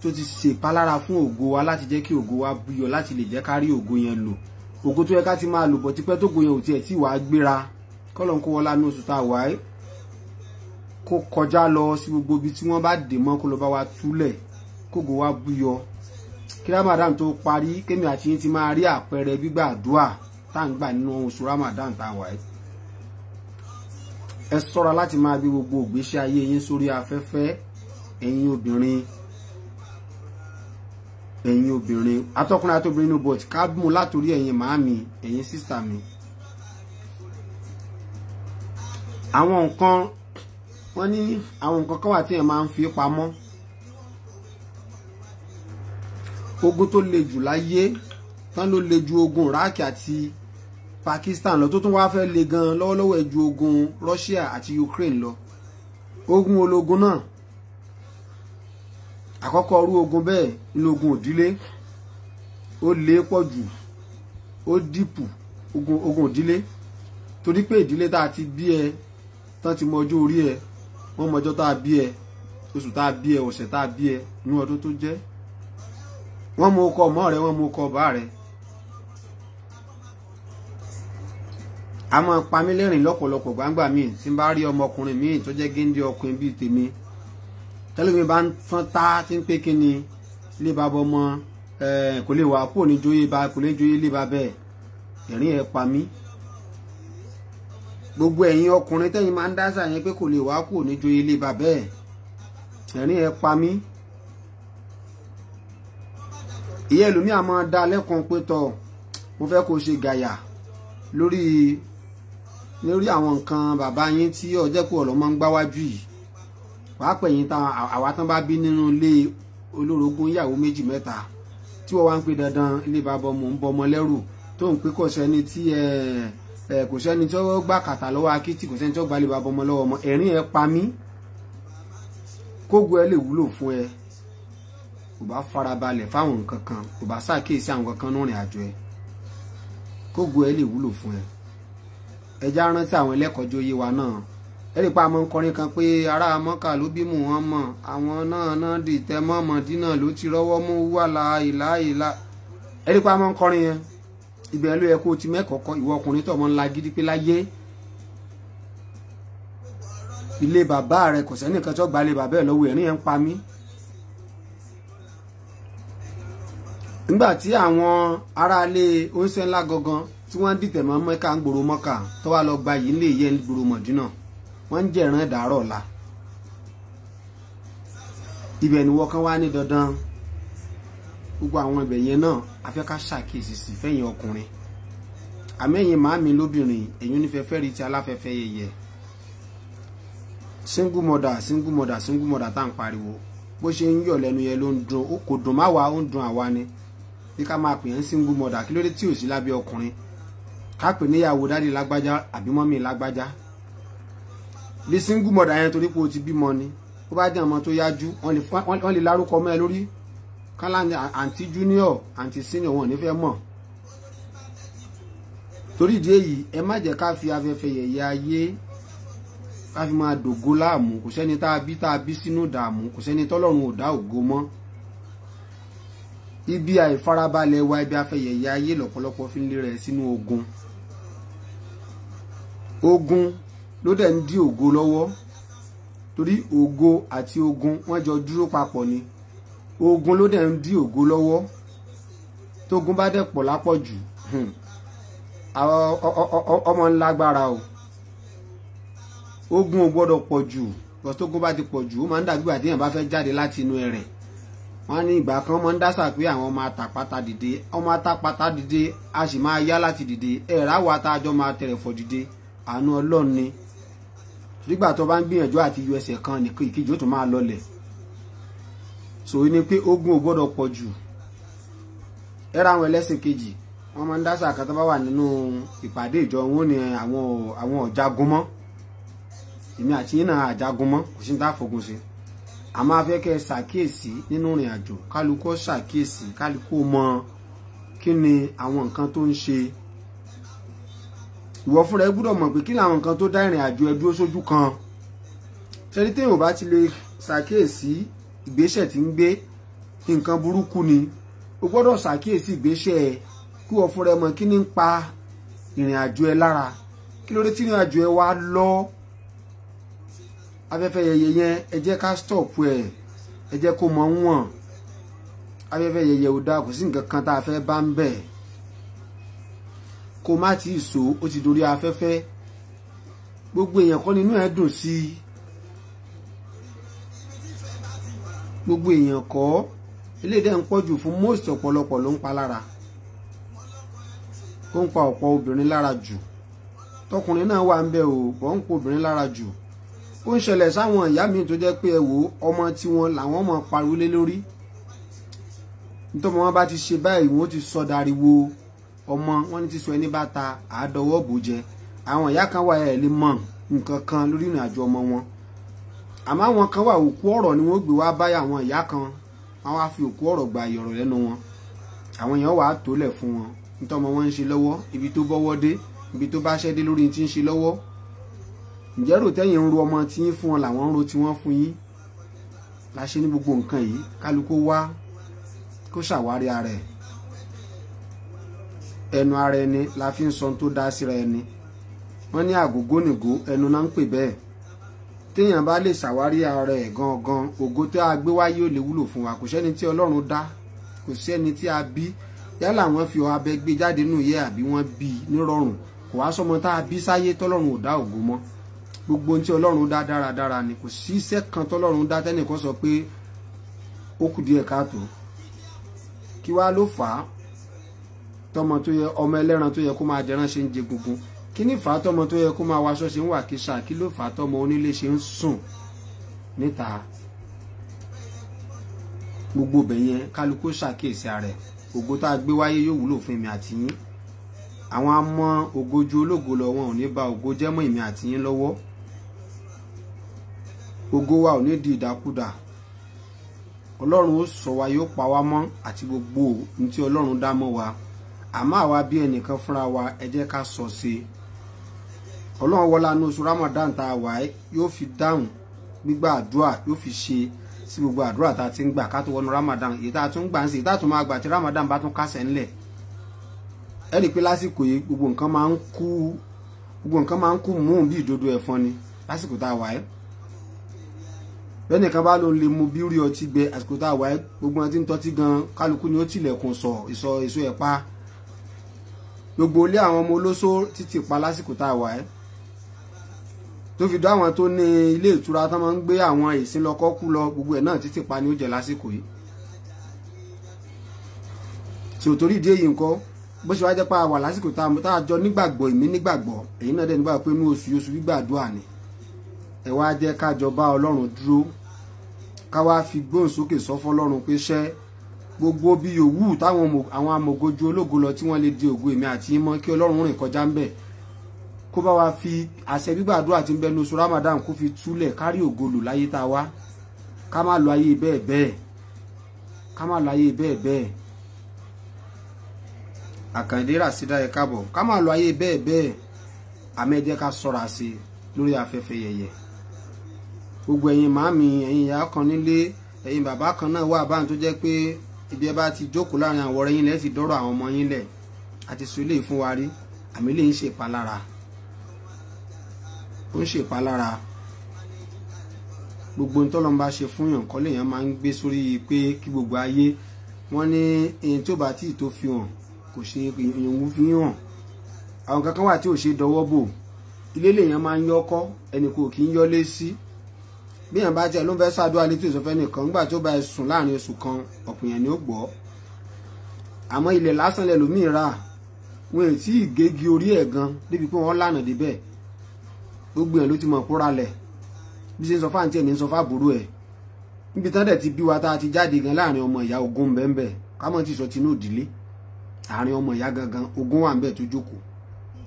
tó ti ṣèpalára fún ògo wa láti jẹ́ kí ògo wa búyọ láti lè jẹ́ ká rí ògo yẹn lò ògo tó yẹ ká ti máa lò bọ̀ tipẹ́ tó go ò tiẹ̀ tí wàá gbéra kọ́lọ́n kó wọlá ní oṣù tá a wà kó kọjá lọ sí gbogbo ibi tí wọ́n bá dè mọ́ kó lọ bá wa túlẹ̀ kógo wa búyọ kí Ramadan tó parí kémi àti yín ti máa rí àpẹẹrẹ gbígbà àdúà tá à ń gbà nínú oṣù Ramadan tá a wà yìí ẹ ṣọ́ra láti máa bí gbogbo ìgbésí ayé yín sórí afẹ́fẹ́ ẹ̀yin obìnrin ẹ̀yin obìnrin atọ́kùnrin àtobìnrin inú bọ̀t ká látòrí ẹ̀yin màámi ẹ̀yin sísà mi. àwọn nǹkan wọ́n ní àwọn nǹkan kan wà tí ẹ̀ máa ń fi pamọ́ ogun tó le jù láyé tán ló le ju ogun iraq àti pakistan lọ tó tún wáá fẹ́ le gan lọ́wọ́lọ́wọ́ ẹ̀ ju ogun russia àti ukraine lọ ogun ológun náà àkọ́kọ́ orú ogun bẹ́ẹ̀ inú ogun òdílé ó lé pọ̀ jù ó dìpù ogun ogun ìdílé torí pé ìdílé tá a ti bí ẹ tán ti mọ ọjọ́ orí ẹ wọ́n mọ ọjọ́ tá a bí ẹ oṣù tá a bí ẹ ọ̀sẹ̀ tá a bí ẹ ní ọdún tó jẹ́ wọ́n mú ọkọ ọmọ rẹ̀ wọ́n mú ọkọ ọba rẹ̀ a máa pa mí lẹ́rìn lọ́pọ̀lọpọ̀ gbangba míì tí n bá rí ọmọkùnrin míì tó jẹ́ géńdé ọkùnrin bíi tèmi tẹ́lẹ̀mí bá ń fọ́n tá tí ń pé kíni lè ba bọ́ ọmọ kò lè wà kó ní joyè ba kò lè joyè lè ba bẹ́ẹ̀ ẹ̀rín ẹ̀ pa mí gbogbo ẹ̀yin ọkùnrin tẹ́yin máa ń dá sáà pé kò lè wá kó ní joyè lè ba bẹ́ẹ̀ ẹ̀rín ẹ̀ pa mí ìyẹn ẹlòmíì àmọ́ dá lẹ́kùn pé tọ́ mo fẹ́ kó ṣe gàyà lórí lórí àwọn nǹkan bàbá yín tí ọjọ́ pé ọ̀rọ̀ máa ń gbáwájú yìí wàá pẹ̀yìn ta àwa tán bá bí nínú ilé olórogún ìyàwó méjì mẹ́ta tí wọ́n wá ń pe dandan ilé bàbá ọmọ ń bọ ọmọ lẹ́rù tó ń pé kò sẹ́ni tí ẹ kò sẹ́ni tí ó gbà kàtà lọ́wọ́ akitì kò sẹ́ni tí ó gbà lè bàbá ọmọ lọ́wọ́ ọmọ ẹ̀rín ẹ pa mí kógo ẹ lè wúlò fún ẹ kò bá farabalẹ̀ fáwọn nǹkan kan kò bá ṣàkíyèsí àwọn nǹkan kan nírìn àjò ẹ kógo ẹ lè wúlò fún ẹ ẹjá rántí àwọn ẹlẹ́kọ̀ọ́jọ́ yé wa náà ẹ̀rí pa àmọ́ kọrin kan pé ará mọ́kà ló bí mò wọ́n mọ̀ àwọn náà náà dì tẹ́ mọ́ mọ̀dínà ló ti rọ́wọ́ mú wàhálà ìlà ìlà ẹ̀rí pa àmọ́ kọrin yẹn ibẹ̀ ló yẹ kó o ti mẹ́kọ̀ọ́kọ́ ìwọ ọkùnrin tó ọmọ ńlá gidi pé láyé ilé bàbá rẹ kò sẹ́nìkan tó gba ilé bàbá ẹ̀ lọ́wọ́ ẹ̀rín yẹn ń pa mí nígbà tí àwọn aráalé oníṣẹ́ ńlá gangan tí wọ́n dìtẹ̀ mọ́ mẹ́ka ń gbòòrò mọ́ka tó wá lọ gba yìí ń lè yẹ ń gbòòrò mọ̀dínà wọ́n ń jẹ̀ràn dàárọ̀ la ibẹ̀ ni wọ́n kàn wá ní dandan gbogbo àwọn ibẹ̀ yẹn náà a fẹ́ ká ṣàkíyèsí sí fẹ́yìn ọkùnrin àmẹ́yìn màámi lóbìnrin ẹ̀yìn onífẹ́fẹ́ rí ti aláfẹ́fẹ́ yẹyẹ single mother single mother single mother tá à ń pariwo bó ṣe ń yọ̀ lẹ́nu yẹn ló ń dùn ó kò dùn máwa ó ń dùn àwa ni bí ká máa pè é single mother kí ló dé tí ò sí lábẹ́ ọkùnrin ká pè níyàwó dádì lágbájá àbí mọ́mì lágbájá lè single mother yẹn torí pé o ti bímọ ni ó bá jẹ́ ọmọ tó yájú wọ́n lè lárúkọ mọ́ ẹ lórí kálá àǹtí junior àǹtí senior wọn ò ní fẹ́ mọ̀ torí ìdí èyí ẹ má jẹ́ ká fi afẹ́fẹ́ yẹ̀yẹ́ ayé ká fi máa dògo láàmú kò sẹ́ni tá a bí tá a bí sínú dààmú kò sẹ́ni tọ́lọ́run ò dá ògo mọ́ ibi àìfarabalẹ̀ wa ibi afẹ́yẹ̀yẹ ayé lọ́pọ̀lọpọ̀ fi ń lé rẹ̀ sínú ogun ogun ló dẹ̀ ń dí ògo lọ́wọ́ torí ògo àti ogun wọ́n jọ dúró papọ̀ ni ogun ló dẹ̀ ń dí ògo lọ́wọ́ tógun bá dẹ̀ pọ̀ lápọ̀jù ọmọ ńlágbára o ogun ò gbọ́dọ̀ pọ̀ jù bọ́sítógun bá ti pọ̀ jù ó máa ń dàgbà àdéhùn bá fẹ́ jáde láti inú ẹ̀rẹ̀ wọ́n ní ìgbà kan mọ́ ń dásà pé àwọn ọmọ atàpátá dìde ọmọ atàpátá dìde a sì máa yá láti dìde ẹ̀rá wa tá a jọ máa tẹ̀rẹ̀fọ̀ dìde àánú ọlọ́run ni nígbà tó bá ń gbìyànjú àti yọ ẹsẹ̀ kan nìkan ìkejì ó tún máa lọlẹ̀ sòwé ni pé ogun ò gbọ́dọ̀ pọ̀ jù ẹ̀rọ àwọn ẹlẹ́sìn kejì wọ́n máa ń dásà kan tó bá wà nínú ìpàdé ìjọ wọn ni àwọn ọ̀jagun mọ́ èmi àti yín náà àjagun mọ́ kò sí ní a máa fẹ́ kẹ́ ṣàkíyèsí nínú ìrìn àjò kálukú ṣàkíyèsí kálukú mọ kí ni àwọn nǹkan tó ń ṣe ìwọ fúnra ẹ gbúdọ̀ mọ̀ pé kí ni àwọn nǹkan tó dá ìrìn àjò ẹ dúró sójú kan ṣẹ́ni téèyàn ò bá ti lè ṣàkíyèsí ìgbésẹ̀ tí ń gbé nǹkan burúkú ni o gbọ́dọ̀ ṣàkíyèsí ìgbésẹ̀ ẹ kí wọ́n fúnra ẹ mọ̀ kí ni ń pa ìrìn àjò ẹ lára kí ló dé tí ìrìn àjò ẹ wá lọ́ọ́ afẹ́fẹ́ yẹyẹ yẹn ẹ jẹ́ ká stop ẹ̀ ẹ jẹ́ kó mọ ń wọ̀n afẹ́fẹ́ yẹyẹ ò dáa kò sí nǹkan kan tá a fẹ́ bá ń bẹ̀ kó má ti sọ ó ti dorí afẹ́fẹ́ gbogbo èèyàn kọ́ nínú ẹ̀ dùn sí i gbogbo èèyàn kọ́ eléyìí dẹ̀ ń pọ̀jù fún most ọ̀pọ̀lọpọ̀ ló ń pa lára ó ń pa ọ̀pọ̀ obìnrin lára jù tọkùnrin náà wà ń bẹ̀ ò bọ́ ń pa obìnrin lára jù ó ń ṣẹlẹ̀ sáwọn ìyá mi tó jẹ́ pé ẹ wò ọmọ tiwọn làwọn ọmọ pariwo lé lórí nítorí wọn bá ti ṣe báyìí wọn ó ti sọ dariwo ọmọ wọn ní ti sọ ẹni bá ta àádọ́wọ́ bò jẹ àwọn ìyá kan wà ẹ̀ lè mọ nǹkan kan lórí ìrìn àjò ọmọ wọn àmọ́ àwọn kan wà òkú ọ̀rọ̀ ni wọ́n gbé wá báyà àwọn ìyá kan wọ́n wá fi òkú ọ̀rọ̀ gba ìyọ̀rọ̀ lẹ́nu wọn àwọn èèyàn wàá tólẹ̀ fún wọn nítorí wọn ń ṣe lọ́wọ́ ibi tó bọ́wọ́ dé ibi tó bá ṣẹ́ lórí ti ń ṣe lọ́wọ́ ǹjẹ́ rò tẹ́yìn ń ro ọmọ tí yín fún wọn làwọn ń ro tí wọ́n fún yín la ṣe ní gbogbo nǹkan yìí kálukú wá kó ṣàwárí ara ẹ̀ ẹnu ara ẹni la fi ń sọ tó dá síra ẹni wọ́n ní àgógó nìgó ẹnu náà ń pè bẹ́ẹ̀ téèyàn bá lè ṣàwárí ara ẹ̀ gangan ògo tí a gbé wáyé ò lè wúlò fún wa kò sẹ́ni tí Ọlọ́run dá kò sẹ́ni tí a bí yálà wọ́n fi abẹ gbé jáde nù yẹ àbí wọ́n bí nírọ̀rùn kò wá sọmọ tá a bí sáyé tọ́lọ́run ò dá ògo mọ́ gbogbo ohun tí ọlọ́run dá dáradára ni kò sí iṣẹ́ kan tọ́lọ́run dá tẹ́nìkan sọ pé ó kù díẹ̀ káàtó kí wá ló fà á tọmọ tó yẹ ọmọ ẹlẹ́ran tó yẹ kó máa jẹran ṣe ń jẹ gungun kí ní fà á tọmọ tó yẹ kó máa waṣọ ṣe ń wà kíṣà kí ló fà á tọmọ onílé ṣe ń sùn níta gbogbo bẹ̀yẹn kálukú ṣàkíyèsí ààrẹ ògo tá a gbé wáyé yóò wúlò fún èmi àti àwọn amọ ògojú ológo lọ wọn ò ní ba ògo jẹ́mọ́ èmi àti yín ògo wa ò ní di ìdákúdà ọlọ́run ó sọ wa yóò pa wá mọ́ àti gbogbo ohun tí ọlọ́run dá mọ́ wa àmọ́ àwa bí ẹnìkan fúnra wa ẹ jẹ́ ká sọ sí i ọlọ́run wọlá ní oṣù Ramadan tá a wà yóò fi dáhùn gbígbà àdúrà yóò fi ṣe sí gbogbo àdúrà tá a ti ń gbà ká tó wọnú Ramadan èyí tá a tún gbà ń sè èyí tá a tún máa gbà tí Ramadan bá tún kásẹ̀ ńlẹ̀ ẹ rí i pé lásìkò yìí gbogbo nǹkan máa ń kú gbogbo nǹkan máa ń kú mú bí ìdodo ẹ̀fọn ni lásìkò tá a wà yìí bẹ́ẹ̀ni kan bá ló lè mu bírí ọtí gbẹ àsìkò tá a wáyé gbogbo ọtí ń tọ́tí gan kálukú ni ó tilẹ̀kùn sọ ìsọ èso ẹ̀ pa gbogbo ilé àwọn ọmọ olóṣó títì pa lásìkò tá a wáyé tó fi dá àwọn tó ní ilé ìtura tó máa ń gbé àwọn ìsìn lọkọ kú lọ gbogbo ẹ̀ náà títì pa ni ó jẹ lásìkò yìí tí ò torí ìdí èyí nǹkan bó ṣe wá jẹ́ pa wà lásìkò tá a jọ nígbàgbọ́ ìmí nígbàgbọ́ èyí náà dẹ̀ nígbà pé inú oṣù oṣù gbígbàdúrà ni ẹ wá jẹ́ kájọ bá ọlọ́run dúró ká wá fi gbóhùn sókè sọ fọlọ́run pé ṣẹ́ gbogbo bí yòówù táwọn àwọn amògojú ológo lọ tí wọ́n lè di ògo èmi àti ìmọ̀ kí ọlọ́run rìn kọjá ń kó bá wa fi àṣẹ gbígbàdúrà tí ń bẹnu oṣù Ramadan kó fi túlẹ̀ kárí ògo lò láyé tá a wá ká má lọ ayé bẹ́ẹ̀ bẹ́ẹ̀ ká má lọ ayé bẹ́ẹ̀ bẹ́ẹ̀ àkàndé ràṣídà ẹ káàbọ̀ ká má lọ ayé bẹ́ẹ̀ bẹ́ẹ̀ àmẹ́jẹ́ ká sọ̀rọ̀ àṣe lórí afẹ́fẹ́ yẹyẹ gbogbo ẹ̀yin màámi ẹ̀yin ìyá kan nílé ẹ̀yin bàbá kan náà wà báyìí tó jẹ́ pé ibi ẹ bá ti jókòó láàrin àwọn ọ̀rẹ́ yín lẹ́ sì dọ́rọ̀ àwọn ọmọ yín lẹ̀ àti sọ eléyìí fún wa rí àmì eléyìí ń ṣèpalára ó ń ṣèpalára gbogbo ohun tọ́lọ́n bá ṣe fún yàn kọ́ lèèyàn máa ń gbé sórí pé kí gbogbo ayé wọ́n ní ẹni tí ò bá tíì tó fi hàn kò ṣe ìyẹ̀wò fi hàn àwọn kankan wà tí ò ṣe dọwọ́ bò ilé lèèyàn máa ń yọ́kọ́ ẹnì kò kì í yọ́lé sí. Si bí èèyàn bá tiẹ̀ ló ń fẹ́ ṣàdúrà létí ìsọfẹ́ nìkan nígbà tó bá sùn láàrin oṣù kan ọ̀pọ̀ èèyàn ni ó gbọ́ àmọ́ ilẹ̀ lásán lẹ́lòmíì rà wọn ò tí ì gégi orí ẹ̀ gan débi pé wọ́n lànà débẹ̀ gbogbo èèyàn ló ti mọ̀ kóra lẹ̀ bí ṣe ń sọ fáǹtì ẹ̀ ní ń sọ fáàbúrò ẹ̀ níbi tán dẹ̀ ti bí wa tá a ti jáde gan láàrin ọmọ ìyá ogún bẹ́ẹ̀ kámọ́ ti sọ tinú òdìlé àárín ọmọ ìyá gangan ogún wà ń bẹ̀ tó jókòó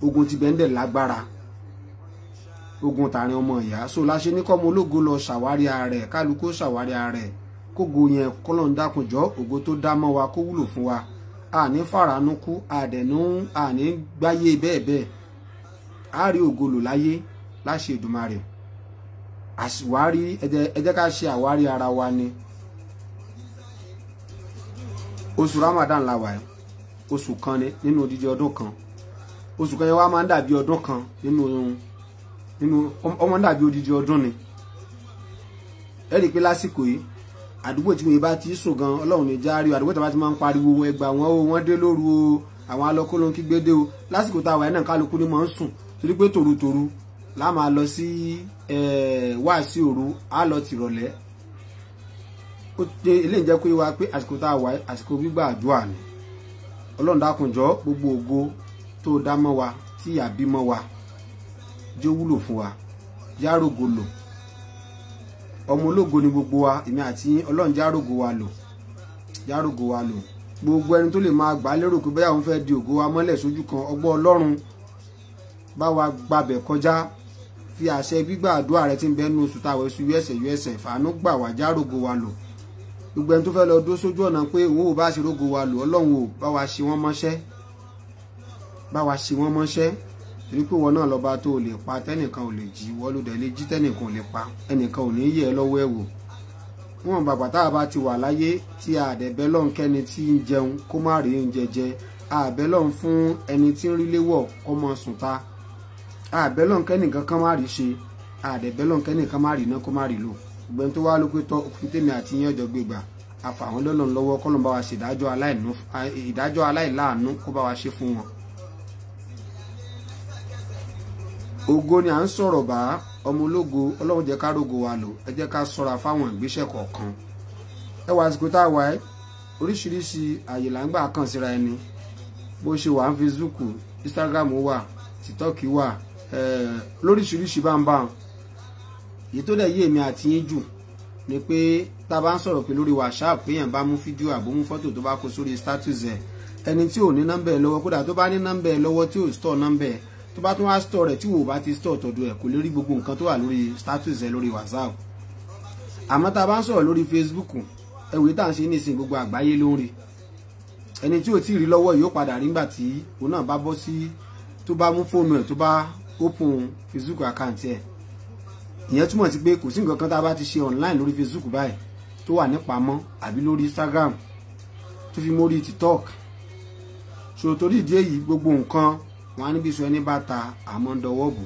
ogún ti bẹ́ẹ̀ ń dẹ̀ lágbára ogun tààrin ọmọ ìyá so láṣẹ ní kọ́mọ ológo lọ ṣàwárí ààrẹ kálukú ṣàwárí ààrẹ kógo yẹn kọ́lọ́n dákunjọ́ ògo tó dá mọ́ wa kó wúlò fún wa àní faranú kú àdẹ̀nú àní gbáyé bẹ́ẹ̀ bẹ́ẹ̀ á rí ògo lò láyé láṣẹ Èdùmàrè àṣìwárí ẹ ká ṣe àwárí ara wa ni oṣù Ramadan la wà oṣù kan nínú odidi ọdún kan oṣù kan yẹn wá máa ń dàbí ọdún kan nínú nínú ọmọ dàbí odidi ọdún ni ẹ rí i pé lásìkò yìí àdúgbò tí wọ́n bá ti sùn gan ọlọ́run ní járe àdúgbò tí wọ́n bá ti máa ń pariwo ẹgbà wọn o wọ́n dé lóru o àwọn alọ́kóló ń kígbédé o lásìkò táwa ẹ̀ náà kálukú ni mọ̀ ń sùn torí pé tòrutòru la máa lọ sí wáàsí òru á lọ tìrọ̀lẹ́ ó ṣe eléyìí jẹ́ pé wá pé àsìkò tá a wà àsìkò gbígbà àdúrà ni ọlọ́run dákunjọ́ gbogbo ògo tó dá mọ́ wa tí àbí mọ́ wa jẹ́ wúlò fún wa járógo lò ọmọ ológo ni gbogbo wa èmi àti ọlọ́run járógo wa lò járógo wa lò gbogbo ẹni tó lè máa gbà á lérò pé bóyá òun fẹ́ di ògo wa mọ́lẹ̀ sójú kan ọgbọ́n ọlọ́run bá wa gbàbẹ̀ kọjá fi àṣẹ gbígbà àdúrà rẹ ti ń bẹnu oṣù táwọn ẹṣu usa usa fàánú gbà wá járógo wa lò gbogbo ẹni tó fẹ́ lọ dó sójú ọ̀nà pé òun ò bá ṣe rógo wa lò ọlọ́run ò bá wa ṣe wọ́n mọ́ṣẹ́ bá wa ṣe wọ́n mọ́ṣẹ́ torí pé wọn náà lọ́ba tó o lè pa tẹ́nìkan ò lè jí wọ́n ló dẹ̀ lè jí tẹ́nìkan ò lè pa ẹnìkan ò ní yẹ̀ ẹ́ lọ́wọ́ ẹ̀ wò wọn bàbá tá a bá ti wà láyé tí àdẹ̀bẹ́ lọ́n kẹ́ni tí ń jẹun kó má rí oúnjẹ jẹ àbẹ́ lọ́n fún ẹni tí ń rí léwọ̀ kó mọ sùn ta àbẹ́ lọ́n kẹ́nìkan kan má rí ṣe àdẹ̀bẹ́ lọ́n kẹ́nìkan má rí iná kó má rí lò gbẹ̀n tó wá ló pé tọ́ òfin tèmi àti yín ọjọ́ gbégbà àfàwọn lọ́lọ́n lọ́wọ́ kọ́lọ́n bá wa ṣèdájọ́ aláìláàánú kó bá wa ṣe fún wọn. ògo ni à ń sọ̀rọ̀ bá ọmọ ológo ọlọ́run jẹ́ ká rógo wa lò ẹ jẹ́ ká sọ́ra fáwọn ìgbésẹ̀ kọ̀ọ̀kan ẹ wá àsìkò tá a wà ẹ́ oríṣiríṣi àyè là ń gbà kàn síra ẹni bó ṣe wà ń Facebook Instagram wà TikTok wà lóríṣiríṣi báńbáń èyí tó dẹ̀ yé èmi àti yín jù ni pé tá a bá ń sọ̀rọ̀ pé lórí WhatsApp péyàn bá mú fídíò àbó mú fọ́tò tó bá kó sórí status ẹ̀ ẹni tí ò ní nọ́mbẹ̀ lọ́wọ́ kódà tó bá ní nọ́mbẹ̀ lọ́wọ́ tí ò stọ̀ nọ́mbẹ̀ ẹ̀ tó bá tún wá store rẹ̀ tí wò bá ti store tọ̀dọ̀ ẹ̀ kò lè rí gbogbo nǹkan tó wà lórí status ẹ̀ lórí whatsapp àmọ́ tá a bá ń sọ̀rọ̀ lórí facebook ẹ̀wé tá à ń ṣe nísìn gbogbo àgbáyé ló ń rí ẹni tí ò tí ì rí lọ́wọ́ yóò padà rí nígbà tí òun náà bá bọ́ sí tó bá mú fóònù ẹ̀ tó bá open facebook account ẹ̀ ìyẹn túmọ̀ sí pé kò sí nǹkan kan tá a bá ti ṣe online lórí facebook báyìí tó wà nípamọ́ àbí lórí instagram tó fi mórí tiktok so torí ìdí èyí gbogbo nǹkan wọn á níbi sọ ẹni bá ta àmọ́ ń dọwọ́ bò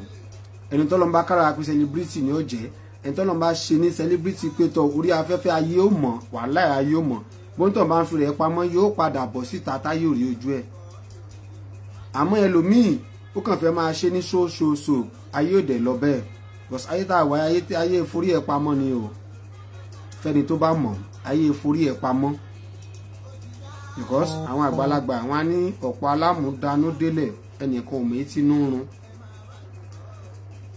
ẹni tọ́lọ́ bá kára pé sẹlẹbírìtì ni ó jẹ́ ẹni tọ́lọ́ bá ṣe ní sẹlẹbírìtì pé tọ orí afẹ́fẹ́ ayé ó mọ̀ wàhálà ayé ó mọ̀ bóńtọ̀ bá ń fi rẹ̀ pamọ́ yóò padà bọ̀ síta táyé òrí ojú ẹ̀ àmọ́ ẹlòmíì ó kàn fẹ́ máa ṣe ní ṣóṣooṣo ayé òde lọ bẹ́ẹ̀ bọ̀sì ayé tá a wáyé ayé tí ayé forí ẹ̀ pamọ́ ni o fẹ́ni tó bá mọ̀ ayé forí ẹ̀ pamọ́ because àwọn àgbàlagbà wọn á ní ọ̀pọ̀ alámúdánú délẹ̀ ẹnìkan ò mọ etí inú run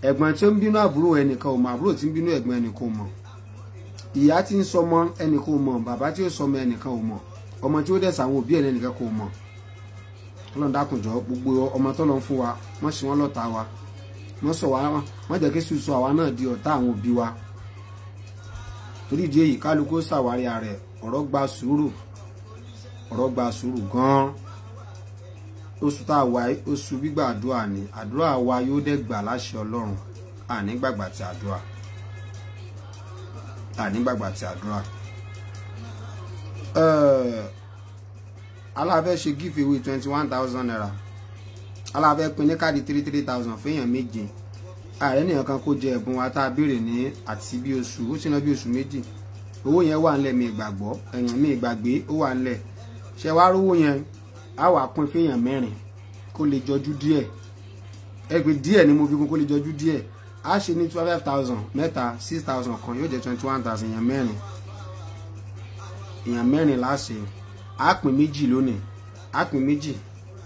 ẹ̀gbọ́n tí ó ń bínú àbúrò ẹnìkan ò mọ àbúrò tí ń bínú ẹ̀gbọ́n ẹnìkan ò mọ ìyá tí ń sọmọ ẹnìkan ò mọ bàbá tí ó sọmọ ẹnìkan ò mọ ọmọ tí ó dẹ̀ sàwọn òbí ẹ̀ ẹnìkan kò mọ ọlọ́run dákùnjọ gbogbo ọmọ tó lọ́n fún wa wọ́n ṣe wọ́n lọ́ta wa wọ́n sọ wá wọ́n jẹ́ kí sùn sọ àwa náà di ọ̀tá àwọn òbí wa torí ìdí èyí kálukú ṣàwárí ààrẹ ọ̀rọ̀ gba sùúrù ọ̀rọ̀ gba sùúrù gan-an oṣù tá a wà oṣù gbígbà àdúrà ni àdúrà wa yóò dẹ̀ gbà láṣẹ ọlọ́run ànígbàgbà ti àdúrà ànígbàgbà ti àdúrà eh, aláfẹ́ ṣe give away twenty one thousand naira aláfẹ́ pín ní káàdì three three thousand fẹ́yàn méje ààrẹ nìyẹn kan kó jẹ ẹ̀bùn wa tá a béèrè ní àti bí oṣù ó ti ná bí oṣù méjì owó yẹn wà ńlẹ̀ mi ìgbàgbọ́ ẹ̀yìn mi ìgbàgbé ó wà ńlẹ̀ ṣe wá rówó yẹn á wà pín fèèyàn mẹ́rin kó lè jọjú díẹ̀ ẹ pé díẹ̀ ni mo fi kún kó lè jọjú díẹ̀ á ṣe ní twenty five thousand mẹ́ta six thousand kan yóò jẹ́ twenty one thousand èèyàn mẹ́rin èèyàn mẹ́rin láṣẹ á pín méjì lónìí á pín méjì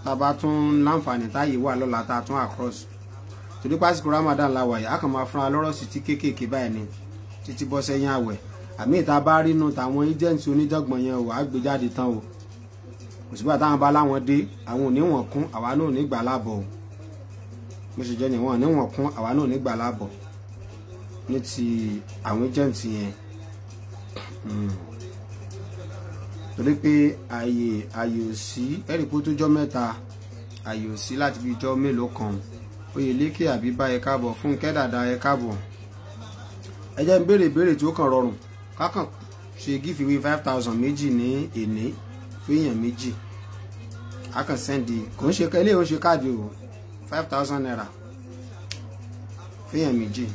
tá a bá tún láǹfààní táyé wà lọ́la tá a tún àcross torí pásítọ̀ Ramadan la wà yìí á kàn máa fúnra lọ́rọ̀ sí ti kéékèèké báyìí ni títí bọ́ sẹ́yìn àwẹ̀ àmì ìta bá rínú tàwọn agent onídọ́gbọ̀n yẹn ò á gbé tán o òṣùpá táwọn bá láwọn dé àwọn ò ní wọ̀n kún àwa náà ò ní gbà láàbọ̀ mo ṣe jẹ́ ni wọ́n ò ní wọ̀n kún àwa náà ò ní gbà láàbọ̀ ní ti àwọn agent yẹn hmm. torí pé ààyè ààyè ò sí pé ó tó jọ́ mẹ́ta ààyè ò láti fi jọ́ mélòó kan oyèlékè àbíbá ẹ káàbọ̀ fúnkẹ́ dàda ẹ káàbọ̀ ẹ jẹ́ ń béèrè ìbéèrè tí ó kàn rọrùn kákàn ṣe gífìwé five thousand méjì ní èní fẹ́yàn méjì a kàn sẹ́ndì kò ń ṣe kẹ́lé ò ń ṣe káàdì o five thousand naira fẹ́yàn méjì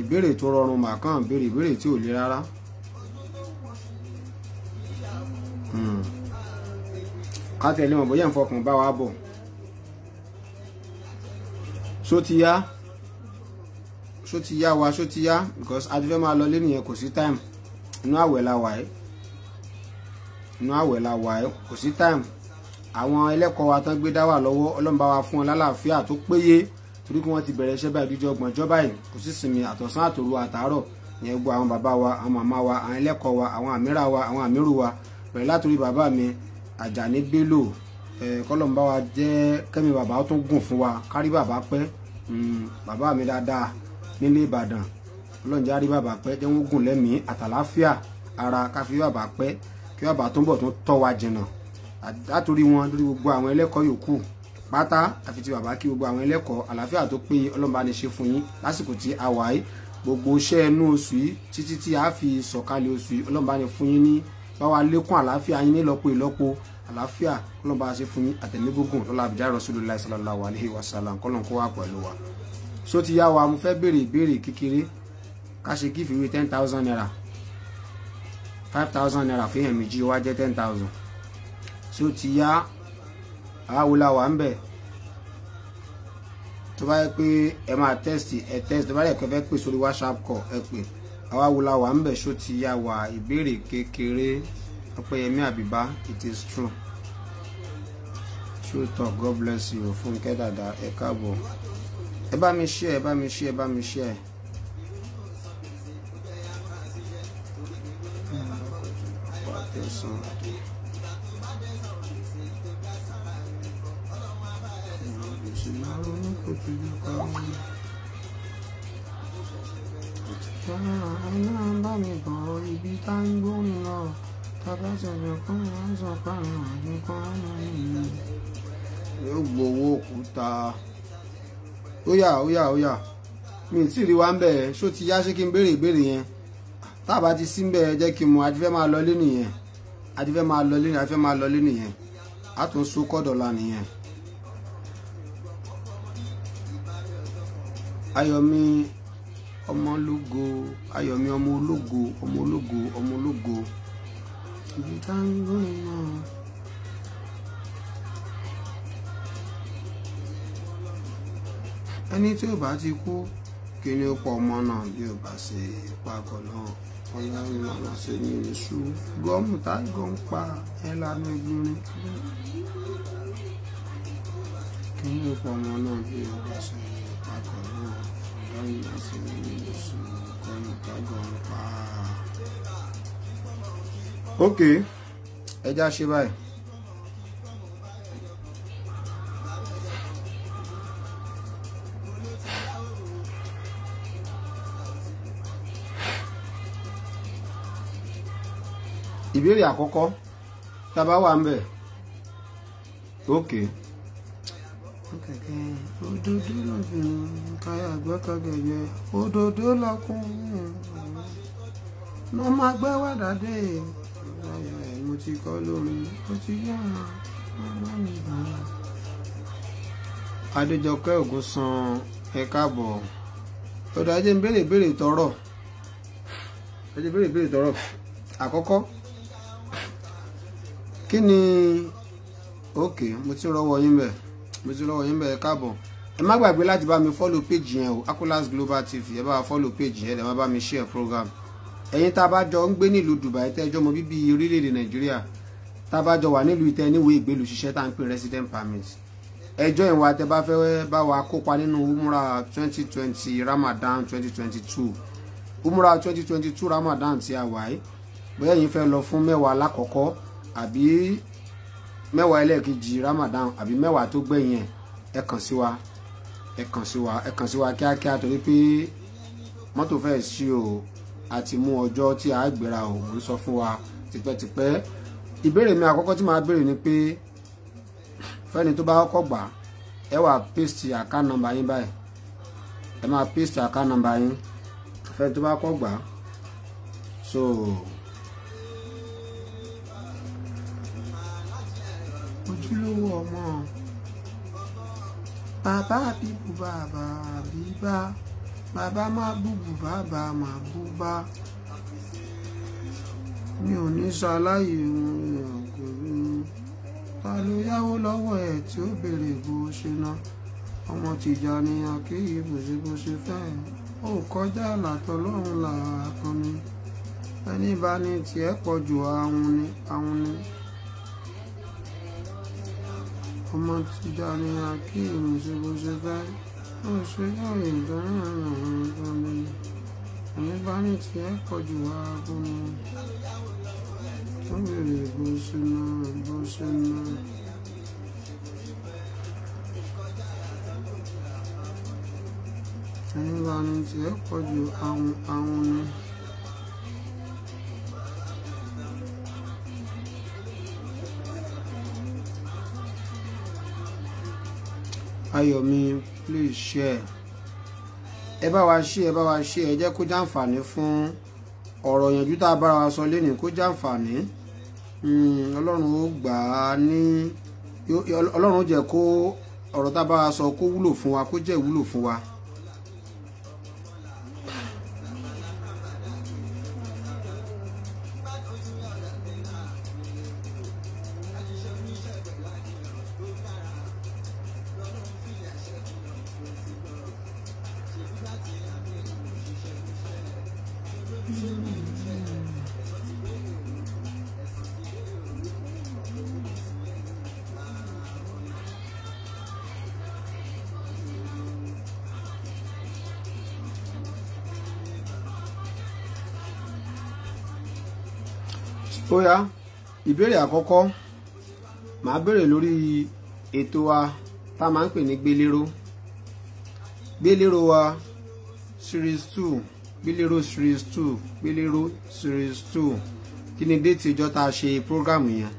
ìbéèrè tó rọrùn mà kàn béèrè ìbéèrè tí ò le rárá hmm. ká tẹ̀lé wọn bóyá ìfọkàn bá wa bọ̀ ṣó ti yá ṣó ti yá wa ṣó ti yá because adúlẹ́ máa lọ lé nìyẹn kò sí time inú àwẹ̀ la wà yìí inú àwẹ̀ la wà ẹ́ kò sí táìmù àwọn ẹlẹ́kọ̀ọ́ wa tán gbé dá wà lọ́wọ́ ọlọ́run wa fún wọn lálàáfíà tó péye torí kí wọ́n ti bẹ̀rẹ̀ iṣẹ́ báyìí dídí ọgbọ̀n ọjọ́ báyìí kò sí sinmi àtọ̀sán àtòru àtàárọ̀ ìyẹn gbọ́ àwọn bàbá wa àwọn màmá wa àwọn ẹlẹ́kọ̀ọ́ wa àwọn àmírà wa àwọn àmírù wa bẹ̀rẹ̀ látòrí bàbá mi Àjàní Bello kọ́lọ̀ ń bá wa jẹ́ kẹ́mi bàbá tó hmm, ara káfí bàbá kí ọba tó ń bọ̀ tó tọ́ wa jìnnà látòrí wọn lórí gbogbo àwọn ẹlẹ́kọ̀ọ́ yòókù pátá àfi ti bàbá kí gbogbo àwọn ẹlẹ́kọ̀ọ́ àlàáfíà tó péye ọlọ́mọba ní ṣe fún yín lásìkò tí a wà yìí gbogbo iṣẹ́ ẹnu oṣù yìí títí tí a fi sọ̀kalẹ̀ oṣù yìí ọlọ́mọba ní fún yín ní báwa lékún àlàáfíà yín nílọ́po ìlọ́po àlàáfíà ọlọ́mọba ṣe fún yín àtẹ̀légógún lọ́la àbújá Rasulullahi sallallahu alaihi wasallam kọ́lọ́n kó wà pẹ̀lú wa so five thousand naira fún èèyàn méjì ó wá jẹ́ ten thousand tí ó ti yá àwòlà wà ń bẹ̀ tó bá yẹ pé ẹ máa test ẹ test tó bá yẹ pé fẹ́ pè sórí whatsapp call ẹ pè àwòlà wà ń bẹ̀ ṣó ti yá wà ìbéèrè kékeré ọpẹ́yẹmí àbíbá it is true true talk god bless you fúnkẹ́ dàda ẹ káàbọ̀ ẹ bá mi share ẹ bá mi share ẹ bá mi share. sùn. iná ń bá mi bọ̀ yóò gbowó òkúta óyà óyà óyà mi ò tí ì rí wa ń bẹ̀ ṣó ti yá ṣé kí n béèrè ìbéèrè yẹn tá a bá ti sí ń bẹ̀ jẹ́ kí n mọ̀ àti fẹ́ máa lọ lé nìyẹn àti fẹ́ máa lọlé ni àti fẹ́ máa lọlé nìyẹn a tún so kọ́dọ̀la nìyẹn. ayọ̀mí ọmọ ológo ayọ̀mí ọmọ ológo ọmọ ológo ọmọ ológo. ẹni tí ò bá ti kú kí ni ó pọ̀ ọmọ náà bí ò bá ṣe ipa kan náà ọ̀yàwó ìlànà sẹ́yìn èṣù gọ́ọ̀mù táìgọ̀ ń pa ẹ̀lànà ìgbìnrin kí ní ọ̀pọ̀ ọmọ náà bí ọba sẹ́yìn ìpàkọ̀ náà ọ̀dọ́ ìlànà sẹ́yìn èṣù gọ́ọ̀mù táìgọ̀ ń pa. ok ẹ já ṣe báyìí. ìbéèrè àkọ́kọ́ tá a bá wà ń bẹ̀ ókè. òdòdó lọ́bìnrin káyà gbẹ́kẹ̀gbẹ́ òdòdó lọ́kùnrin mo máa gbẹ́ wàdà dé mo ti kọ́ lórin mo ti yá ọgbọ́n mi bàbá. Adéjọkẹ́ Ògúnsan ẹ káàbọ̀ ọ̀dọ̀ ajé ń béèrè ìbéèrè tọrọ ajé ń béèrè ìbéèrè tọrọ àkọ́kọ́ kí ni ok mo ti rọwọ yín bẹ mo ti rọwọ yín bẹ ẹ ẹ má gbàgbé láti bá mi fọ́lò péjì yẹn o Akolas Global TV ẹ bá wa fọ́lò péjì yẹn ẹ má bá mi share program ẹ̀yin tá a bá jọ ń gbé nílùú Dubai tẹ́jọ́ mọ bíbí orílẹ̀-èdè Nàìjíríà tá a bá jọ wà nílùú ìtẹ́ níwèé ìgbélú ṣiṣẹ́ tá à ń pè resident permit ẹjọ́ ìwà tẹ bá fẹ́ bá wa kópa nínú umra 2020 Ramadan 2022 umra 2022 Ramadan tí a wáyé bóyá ẹ̀yin fẹ́ lọ fún mẹ́wàá lákọ̀ọ́kọ́ àbí mẹ́wàá ẹlẹ́ẹ̀kejì Ramadan àbí mẹ́wàá tó gbẹ̀yìn ẹ̀ ẹ kàn sí wa ẹ kàn sí wa ẹ kàn sí wa kíákíá torí pé mọ́tò fẹ́ẹ̀ sí o a ti mú ọjọ́ tí a gbéra o mo ń sọ fún wa tipẹ́tipẹ́ ìbéèrè mi àkọ́kọ́ tí màá béèrè ni pé fẹ́ni tó bá kọ́kọ́ gbà ẹ wà paste account number yín báyìí ẹ máa paste account number yín fẹ́ni tó bá kọ́kọ́ gbà so. ojúlówó ọmọ bàbá bíbù bàbá bíbá bàbá má búbù bàbá má búbá mi ò ní sọ aláyè ọgọrùn ta ló yáwó lọ́wọ́ ẹ̀ tí ó béèrè bó ṣe ná ọmọ Tìjàníyàn kéyìí bùṣe bó ṣe fẹ́ ó kọjá àlàtọ̀lọ́run làákan ni ẹni bá ní tiẹ̀ pọ̀ jù àwọn ni àwọn ni kò mọ ti dàní akeem ṣebóṣebẹ́ náà ṣe láàyè ìdáná àwọn nǹkan mi àmì bá ní tiẹ̀ pọ̀ jù wá fún mi wọ́n bèrè bó ṣe náà bó ṣe náà. àmì bá ní tiẹ̀ pọ̀ jù àwọn àwọn ni. ayọ̀mí please share ẹ bá wa share ẹ bá wa share ẹ jẹ́ kó jàǹfààní fún ọ̀rọ̀ ìyànjú tá a bára wa sọ lénìí kó jàǹfààní hmm, ọlọ́run ó gbà á ní ọlọ́run ó jẹ́ kó ọ̀rọ̀ tá a bára sọ kó wúlò fún wa kó jẹ́ ìwúlò fún wa. Oya, yá ìbéèrè àkọ́kọ́ màá béèrè lórí ètò wa tá a máa ń pè ní gbélérò gbélérò wa series two gbélérò series two gbélérò series two kí ni déètì ọjọ́ tá a ṣe prógrámù yẹn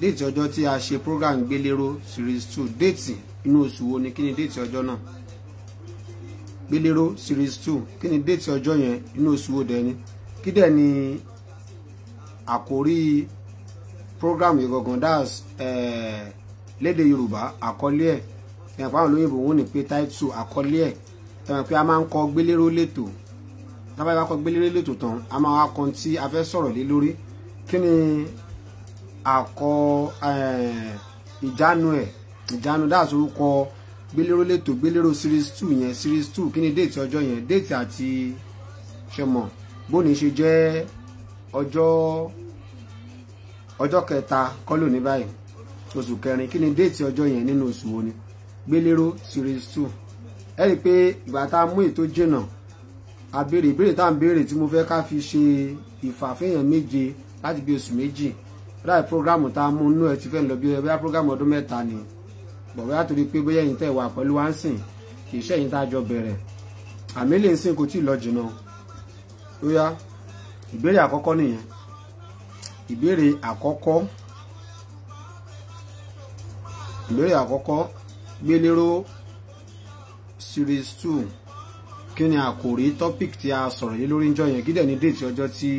déètì ọjọ́ tí a ṣe prógrámù gbélérò series two déètì inú oṣù wo ni kí ni déètì ọjọ́ náà gbélérò series two kí ni déètì ọjọ́ yẹn inú oṣù wo dẹ̀ ni kí dẹ̀ ni àkórí prógrámù yìí gangan that's eh, lédè Yorùbá àkọlé ẹ̀ ìyàpá àwọn olóyìnbó wọn ní pé title àkọlé ẹ̀ tẹ̀wọ̀n pé a máa ń kọ gbéléró létò tábà yìí wá kọ gbéléró létò tán a máa wá kọ tí a fẹ́ sọ̀rọ̀ lé lórí kí ni àkọ eh, ìjánu ẹ̀ ìjánu dáàsó orúkọ gbéléró létò gbéléró series two yẹn series two kí ni déètì ọjọ́ yẹn déètì àti ṣẹmọ bóni ṣe jẹ́ ọjọ́ ọjọ́ kẹta kọ́lò ní báyìí oṣù kẹrin kí ni déètì ọjọ́ yẹn nínú oṣù wo ni gbéléró series two ẹ rí i pé ìgbà tá a mú ètò jìnnà àbèrè ìbéèrè tá à ń béèrè tí mo fẹ́ ká fi ṣe ìfàfihàn méje láti bí oṣù méjì láì prógrámù tá a mú inú ẹ ti fẹ́ lọ bí ẹ bóyá prógrámù ọdún mẹ́ta ni bọ̀wé àtòrí pé bóyá ẹ̀yin tẹ̀ wà pẹ̀lú wá ń sìn kì í ṣe ẹ̀yin tá a jọ bẹ̀rẹ̀ àmì lè ń sìn kò tí ì lọ jìnnà ó yá ìbéèrè àkọ́kọ́ nìyẹn ìbéèrè àkọ́kọ́ ìbéèrè àkọ́kọ́ gbélérò series two kí ni àkòrí topic tí a sọ̀rọ̀ yìí lórí ńjọ́ yẹn kí dẹ̀ ní déètì ọjọ́ tí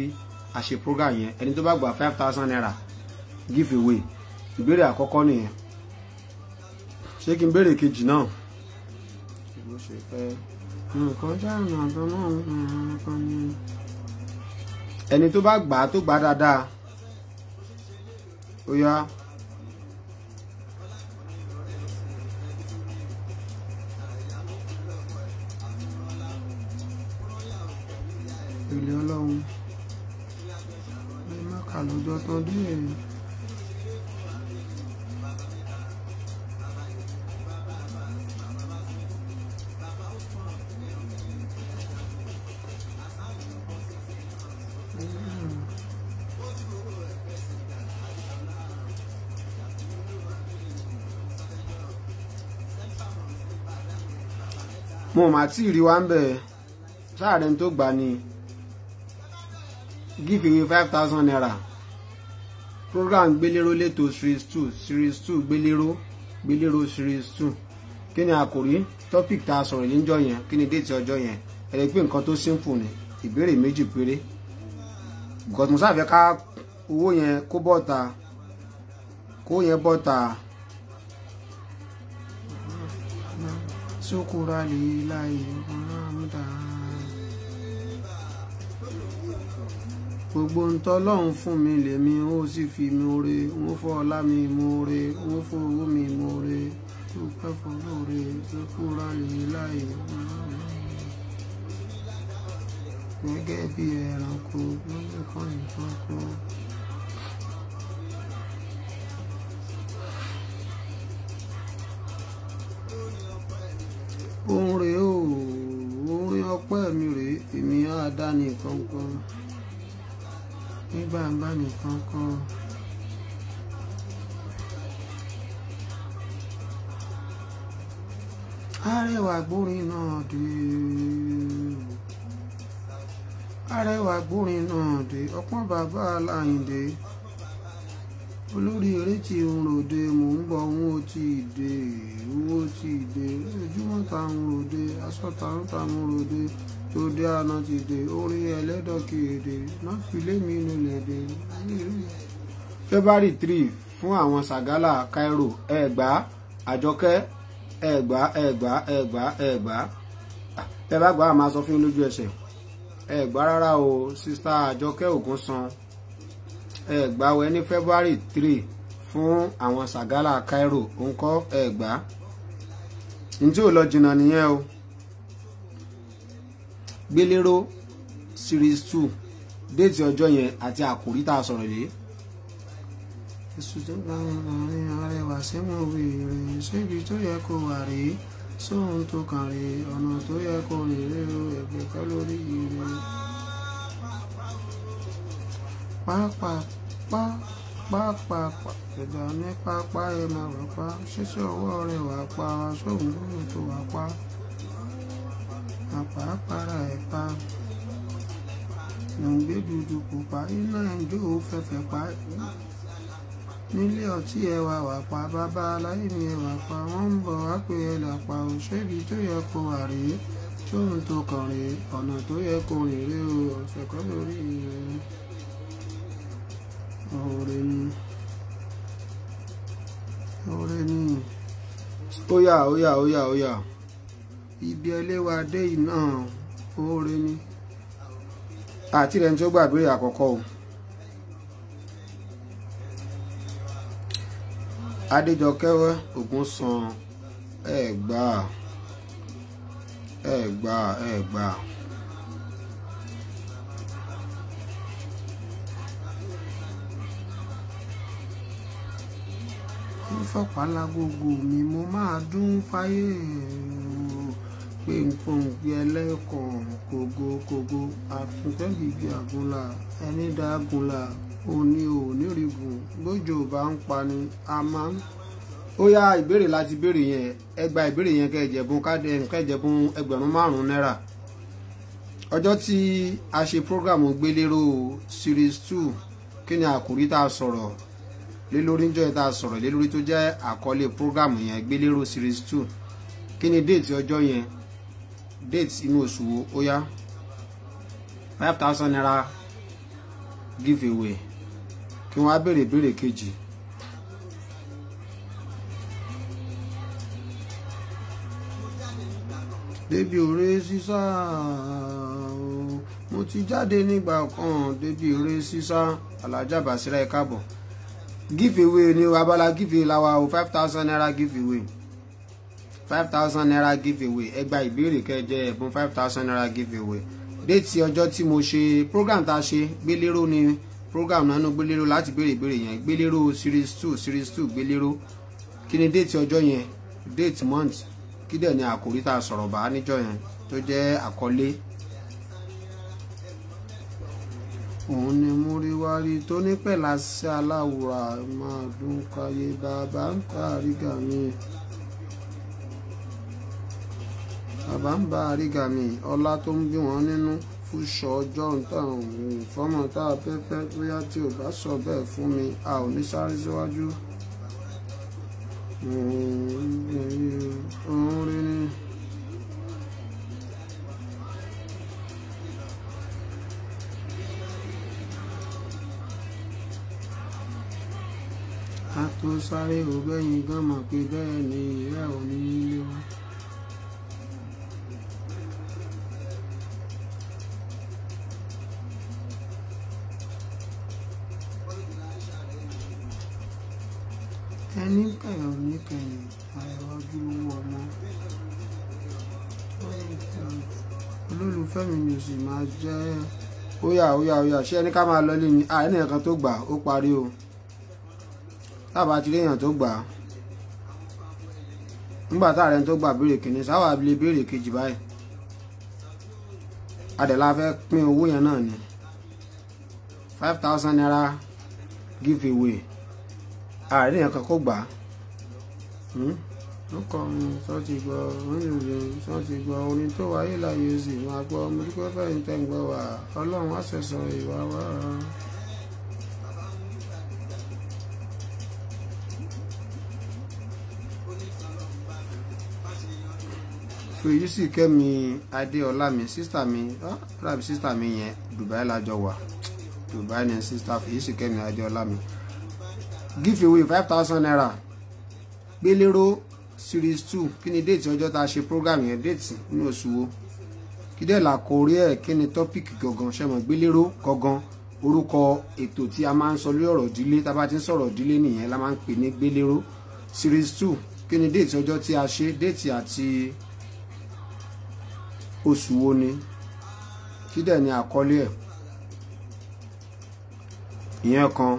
a ṣe program yẹn ẹni tó bá gba five thousand naira give away ìbéèrè àkọ́kọ́ nìyẹn ṣé kí n béèrè kejì náà ìbò ṣe fẹ́ nǹkan jáàmù àtọmọ́ nǹkan ni. ẹni tó bá gbà á tó gbà dáadáa ó yá. ìpìlẹ̀ ọlọ́run ẹ má kà lọ́jọ́ tọdún ẹ̀. mo mà tí ì rí wa ń bẹ̀ sáà rẹ̀ ń tó gbà ni give away five thousand naira program gbéléró lẹ́tọ̀ series two series two gbéléró gbéléró series two kí ni àkòrí topic tá a sọ̀rọ̀ níjọ́ yẹn kí ni déètì ọjọ́ yẹn ẹ̀rẹ́ pé nǹkan tó simple ni ìbéèrè méjì péré because mo sáfẹ́ ká owó yẹn kó bọ́ta kó yẹn bọ́ta sókúra lè láyé wọn náà ń gbogbo ń tọ́lọ́run fún mi lèmi ó sì fi mi re ń fọ́ ọlá mi mo re ń fọ́ owó mi mo re tó pẹ́ fọ́lọ́ re tó kúrò ní láì gẹ́gẹ́ bí ẹranko lọ́wọ́ kan nìkan kan. òun rèé o òun rèé ọpẹ́ mi rèé èmi á dá ní nǹkan kan ní gbàǹgbà nìkan kan. arẹwà gbórin náà dé arẹwà gbórin náà dé ọpọ́n bàbá aláìndé olórí eré tí ń ròde mò ń bọ̀ òun ti dé owó ti dé ojúmọ́ ń ròde aṣọ ta ń ta ń ròde tó dé àná ti dé orin ẹlẹ́dọ̀ kéde náà fi lé mi nulẹ̀ dé. February three fún àwọn Sàgálà Cairo ẹ̀gbá àjọkẹ́ ẹ̀gbá ẹ̀gbá ẹ̀gbá ẹ̀gbá tẹ́ bá gbà á máa sọ fún lójú ẹsẹ̀ ẹ̀gbá rárá o sista àjọkẹ́ ògún san ẹ̀gbá wẹ ní February three fún àwọn Sàgálà Cairo òǹkọ́ ẹ̀gbá ǹjẹ́ ò lọ jìnnà nìyẹn o gbélérò series two déètì ọjọ́ yẹn àti àkòrí tá a sọ̀rọ̀ lé. èsù tó bá wọn láàrin arẹwà sẹ́wọ̀n òwe rẹ̀ síbi tó yẹ kó wà rèé sóhun tó kàn rèé ọ̀nà tó yẹ kó rèé rèé ẹ̀gbẹ́ kálórì yìí rèé. pápá pápá ẹ̀dá pápá ẹ̀ máa wà pa ṣíṣe ọwọ́ rẹ̀ wà pa aṣọ́gun tó wà pa àpàpàrà ẹ̀pa nàǹgbé dúdú pupa iná ìjó fẹ̀fẹ̀ pa nílé ọtí ẹwà wà pa bàbá aláìní ẹwà pa wọ́n ń bọ̀ wá pé ẹ là pa ò ṣébi tó yẹ kó wà rèé tóun tó kàn rèé ọ̀nà tó yẹ kó rìn rèé o ọ̀sẹ̀ kan lórí ọ̀rẹ́ ni ọ̀rẹ́ ni ó yá ó yá ó yá ó yá ibi ẹlẹ́wà dé iná oore ni àti rẹ̀ ní tí ó gbàgbé àkọ́kọ́ o adéjọkẹ́wẹ́ ògùn san ẹ̀gbà ẹ̀gbà ẹ̀gbà. fọpá lágogo mi mo máa dún fáyé pé nǹkan ògbé ẹlẹ́kọ̀ọ́ kògo kògo àfùnfẹ́gìgì àgúnlà ẹni dágúnlà òní ònírìgùn bójú bá ń pani a máa ń. ó yá ìbéèrè láti béèrè yẹn ẹ gba ìbéèrè yẹn kẹjẹbùn kẹjẹbùn ẹgbẹ̀rún márùn-ún náírà ọjọ́ tí a ṣe program gbélérò series two kí ni àkòrí tá a sọ̀rọ̀ lé lórí ń jọ yẹn tá a sọ̀rọ̀ lé lórí tó jẹ́ àkọlé program yẹn gbélérò series two kí ni déètì ọjọ́ yẹn date inú oṣù wo ó yá five thousand naira give away kí wọ́n á béèrè ìbéèrè kejì. débi òre sísá mo ti jáde nígbà kan débi òre sísá alájà bàṣírà ẹ káàbọ̀ give away ni abala give away la wa o five thousand naira give away five thousand naira giveaway ẹ gba ìbéèrè kẹjẹ ẹ̀bùn five thousand naira giveaway déètì ọjọ́ tí mo ṣe program tá a ṣe gbélérò ni program nánú gbélérò láti béèrè ìbéèrè yẹn gbélérò series two series two gbélérò kí ni déètì ọjọ́ yẹn déètì month kí dẹ̀ ni àkòrí tá a sọ̀rọ̀ bá níjọ́ yẹn tó jẹ́ àkọlé òun ni mo rí wá rí tó ní pẹ̀lá sí aláwòrán máa dún káyé bàbá ń kárí gàmí bàbá ń bá àrígàmì ọlá tó ń bí wọn nínú fúnṣọ ọjọ́ nǹkan òun fọ́mọ tá a fẹ́ fẹ́ bóyá tí ò bá sọ bẹ́ẹ̀ fún mi a ò ní sáré síwájú. a tó sáré ògbẹ́yìn gan mọ̀ pé bẹ́ẹ̀ ni ìyá ò ní ilé wa. sì máa jẹ́ óyà óyà óyà ṣé ẹni ká máa lọ lé ni àárín nìkan tó gbà ó parí o tábà ti rí èèyàn tó gbà nígbà tá àrẹ tó gbà béèrè kìíní sáwà lè béèrè kejì báyìí adẹ̀lá fẹ́ pín owó yẹn náà ni five thousand naira give away àárín nìkan kó gbà. Hmm? ọkọ mi sọ́ọ̀tì gbọ́ orílẹ̀-èdè sọ́ọ̀tì gbọ́ orin tó wáyé láyé sì máa gbọ́ mo dúpẹ́ fẹ́yìn tẹ́ ń gbọ́ wá ọlọ́run á ṣẹ̀san ìwà wá. fèyísì kẹ́mi adéọlá mi sísítà mi rábì sísítà mi yẹn dubai lájọ wà dubai ni sísítà fèyísì kẹ́mi adéọlá mi giveaway five thousand naira gbélérò series 2, kí ni déètì ọjọ́ tá a ṣe program yẹn déètì nínú oṣù wo kí dẹ̀ là kórí ẹ̀ kí ni tọ́pìkì gangan ṣẹ̀mọ̀ gbélérò gangan orúkọ ètò a máa ń sọ lórí ọ̀rọ̀ ìdílé tá a bá ti ń sọ̀rọ̀ ìdílé nìyẹn la máa ń pè ní gbélérò series two kí ni déètì ọjọ́ a ṣe déètì àti oṣù wo ni kí dẹ̀ ni àkọlé ẹ̀ ìyẹn kan